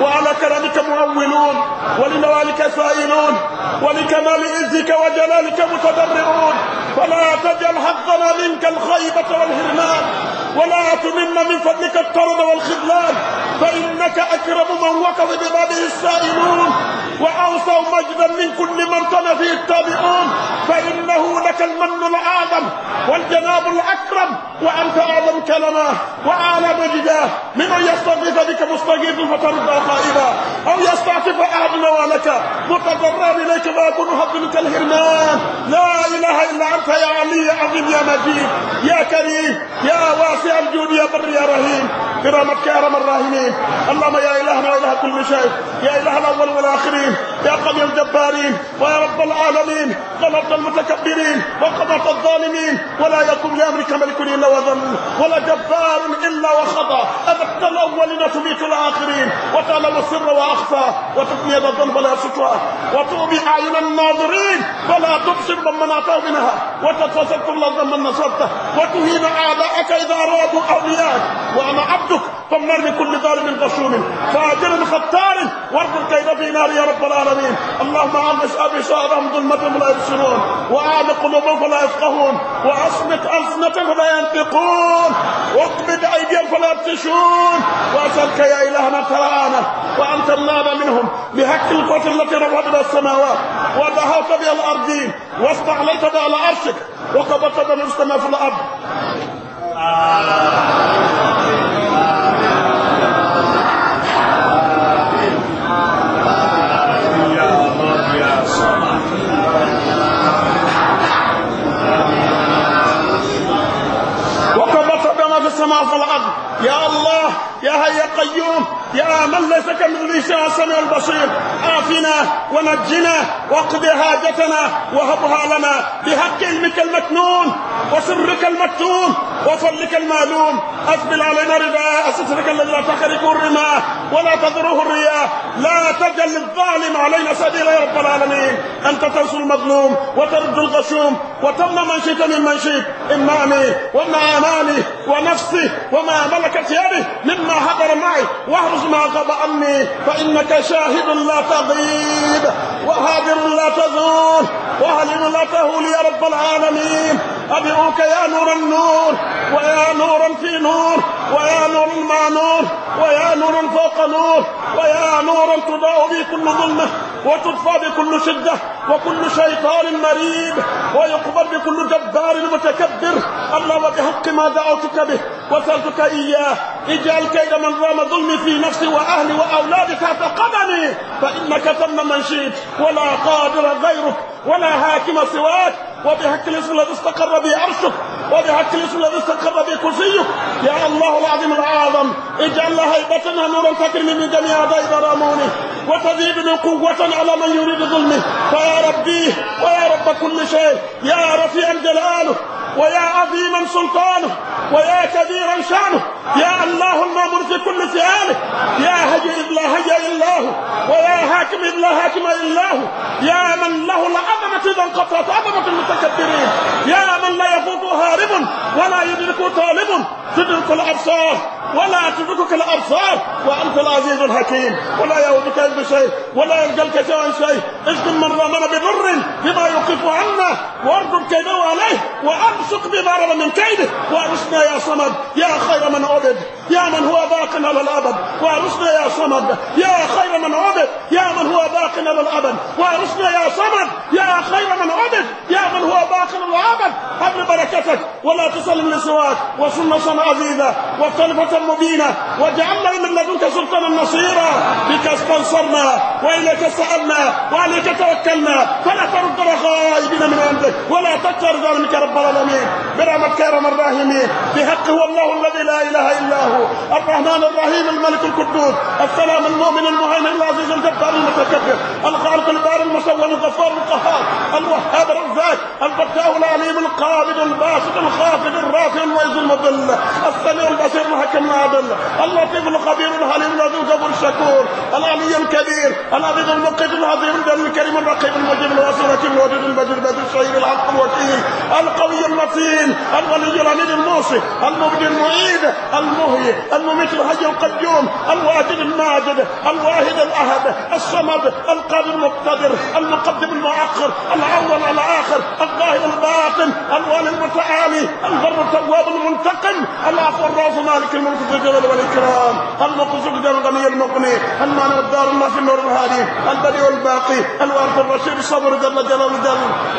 وعلى كرمك مؤولون ولنوالك سائلون ولكمال عزك وجلالك متضررون فلا تجعل حقنا منك الخيبة والهرمان ولا تمن من فضلك الطرد والخذلان فإنك أكرم من وقف ببابه السائلون وأوسع مجدا من كل من كان فيه التابعون فإنه لك المن الأعظم والجناب الأكرم وأنت أعظم كلمة وأعلى مجدا أن يستغيث بك مستجيب فترد خائبا أو يستعطف أعظم ولك متضرر إليك ما يكون هضمك الهرمان لا إله إلا أنت يا علي عظيم يا مجيد يا كريم يا واسع واسع الجود يا بر يا رحيم برحمتك يا رب الراحمين اللهم يا الهنا واله كل شيء يا اله الاول والاخرين يا قوي الجبارين ويا رب العالمين غلبت المتكبرين وقضت الظالمين ولا يكون لامرك ملك الا وذل ولا جبار الا وخطا ابت الاولين تميت الاخرين وتعلم السر واخفى وتثني الظن ولا سترى وتؤمي اعين الناظرين فلا تبصر من منعته منها وتتوسل كل ذنب من نصرته وتهين اعداءك اذا فواد أوليائك وأنا عبدك فامر بكل ظالم غشوم فاجر خطار وارد كيد في نار يا رب العالمين اللهم عمش أبصارهم ظلمة لا يبصرون وأعد قلوبهم فلا يفقهون وأصمت ألسنتهم فلا ينطقون واقبض أيديهم فلا يبطشون وأسألك يا إلهنا ترانا وأنت الناب منهم بهك القوة التي رفعت بها السماوات ودهوت بها الأرضين واستعليت بها على عرشك وقبضت بها في الأرض السماء والارض يا الله يا هيا قيوم يا من ليس كمثله شيء السميع البصير آفنا ونجنا واقض حاجتنا وهبها لنا بحق علمك المكنون وسرك المكتوم وفضلك المعلوم أثبل علينا رضا سترك الذي لا تحرك الرماء ولا تذره الرياح لا تجل الظالم علينا سبيلا يا رب العالمين أنت تنصر المظلوم وترد الغشوم وتم من شئت ممن شئت إما ومع وما أماني ونفسي وما ملكت يدي مما حضر معي واهرس خذ ما غضى عني فإنك شاهد لا تغيب وهادر لا تزول وهلم لا تهول يا رب العالمين أدعوك يا نور النور ويا نورا في نور ويا نور مع نور ويا نور فوق نور ويا نورا تضاء به كل ظلمه وتدفع بكل شدة وكل شيطان مريب ويقبل بكل جبار متكبر الله وبحق ما دعوتك به وسألتك إياه اجعل كيد من رام ظلمي في نفسي وأهلي وأولادي تحت قدمي فإنك تم من شئت ولا قادر غيرك ولا هاكم سواك وبحق الاسم الذي استقر به عرشك وبحق الاسم الذي استقر به كرسيك يا الله العظيم الأعظم اجعل هيبتنا نورا تكرم من جميع ابائي براموني وتذيب قوة على من يريد ظلمه فيا ربي ويا رب كل شيء يا رفيع جلاله ويا عظيما سلطانه ويا كبيرا شانه يا الله المامور في كل فعاله يا هجئ لا هجئ الا ويا حاكم لا حاكم الا يا من له العظمه اذا انقطعت عظمه المتكبرين يا من لا يفوت هارب ولا يدرك طالب تدرك الابصار ولا تدركك الابصار وانت العزيز الحكيم ولا يهودك بشيء ولا يلقاك سوى شيء اشتم من ضامن بضر بما يوقف عنا وارجب كيده عليه وامسك بما من كيده وارسنا يا صمد يا خير من عبد يا من هو باق على الابد وارسنا يا صمد يا خير من عبد يا من هو باق على الابد وارسنا يا صمد يا خير من عبد يا من هو باق على الابد حبل بركتك ولا تسلم لسواك وسنة عزيزة وخلفة مبينة واجعلنا من لدنك سلطانا نصيرا بك استنصر أبصرنا وإليك سألنا وعليك توكلنا فلا ترد رغائبنا من عندك ولا تجر ظلمك رب العالمين برحمتك يا رب الراحمين بحق هو الله الذي لا إله إلا هو الرحمن الرحيم الملك القدوس السلام المؤمن المهيمن العزيز الجبار المتكبر الخالق البار المسول الغفار القهار الوهاب الرزاق الفتاح العليم القابض الباسط الخافض الرافع الويز المضل السميع البصير الحكم العدل اللطيف الخبير الحليم الذي الغفور الشكور العلي الكريم الكبير الأبيض المقيت العظيم الدم الكريم الرقيب المجيب الواسورة الودود البدر بدر الشهير الحق الوكيل القوي المتين الولي الأمين الموصي المبدي المعيد المهي المميت الحي القيوم الواجد الماجد الواحد الاحد الصمد القادر المقتدر المقدم المؤخر الاول الاخر الظاهر الباطن الوالي المتعالي البر التواب المنتقم العفو الرؤوف مالك الملك ذو الجلال والاكرام المقصود الغني المقني المعنى الدار في النور الهادي البلي والباقي الوارث الرشيد صبر جل جلاله جل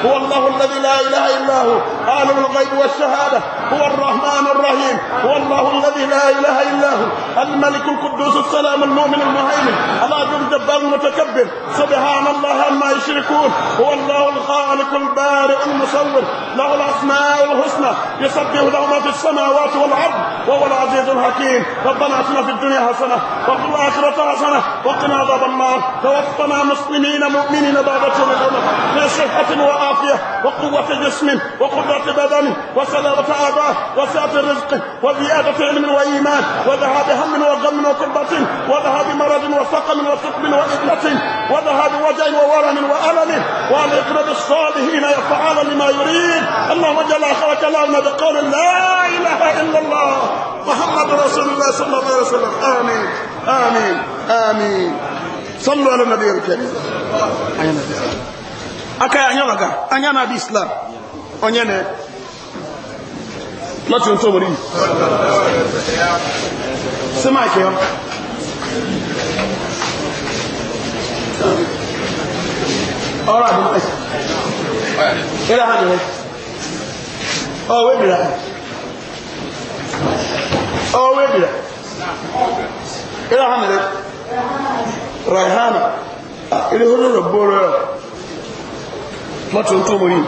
هو الله الذي لا اله الا هو عالم الغيب والشهاده هو الرحمن الرحيم هو الله الذي لا اله الا هو الملك القدوس السلام المؤمن المهيمن الاجر الجبار المتكبر سبحان الله عما يشركون هو الله الخالق البارئ المصور له الاسماء الحسنى يسبح له ما في السماوات والارض وهو العزيز الحكيم ربنا اتنا في الدنيا حسنه وفي الاخره حسنه وقنا ضرب الله توفنا مسلمين مؤمنين بعد الأمة من صحة وعافية وقوة جسم وقدرة بدن وسلامة أعضاء وسعة رزق وزيادة علم وإيمان وذهاب هم وغم وكربة وذهاب مرض وسقم وسقم وإبنة وذهاب وجع وورم وألم والإقرب الصالحين يفعل لما يريد اللهم جل آخر كلامنا بقول لا إله إلا الله محمد رسول الله صلى الله عليه وسلم آمين آمين آمين صلوا على النبي الكريم aka anya waga anya na di islam onye ne lati n tomori si ma ke yo ọrọ adị mkpa ịra ha nyere ọ webira ọ webira ịra raihana ilé hóró rẹ̀ gbóòrò ẹ̀ mọ́tún tó mú yìí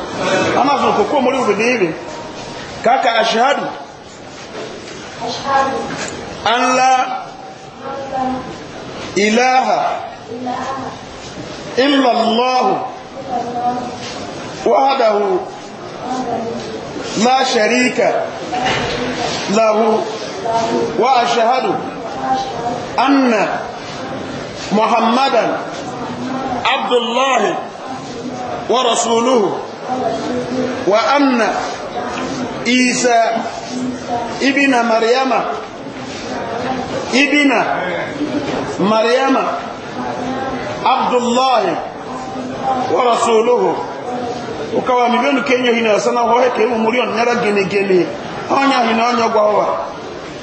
a máa sọ kòkó mú ríru ní ìrìn káàkà aṣíhádù anlá ìlàáhà ìlàlọ́hù wáhádàhù máa ṣẹ̀ríkà láhù wá aṣíhádù anna محمدا عبد الله ورسوله وأن عيسى ابن مريم ابن مريم عبد الله ورسوله ukawa milioni kenyo hina sana hohe kemu milioni nyara gene gene honya hina onyo gwa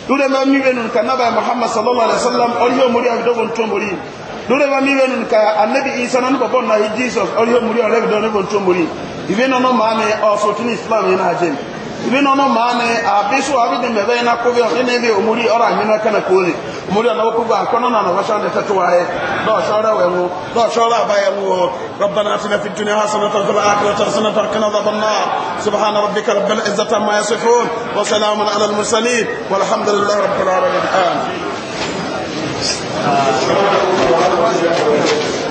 lórí ẹ̀ma mi wẹ́nu nǹkan nábàá muhammad sallallahu alayhi wa sallam ọ̀rẹ́ òmùrí àbídọ́gbọ̀n tó mórí lórí ẹ̀ma mi wẹ́nu nǹkan anabi isa náà bọ̀bọ̀ náà jesus ọ̀rẹ́ òmùrí ọ̀rẹ́ àbídọ́gbọ̀n tó mórí ìwé náà máa mi islam yẹn náà jẹ́ mi. bino no mane abisu abide mbebe na kubyo ene bi omuri ora nyina kana kuli omuri ana okuba akono na nabasha ne tatuwae do shora wewo do shora baye wo ربنا اتنا في الدنيا حسنه وفي الاخره حسنه وقنا عذاب النار سبحان ربك رب العزه عما يصفون وسلام على المرسلين والحمد لله رب العالمين آمين.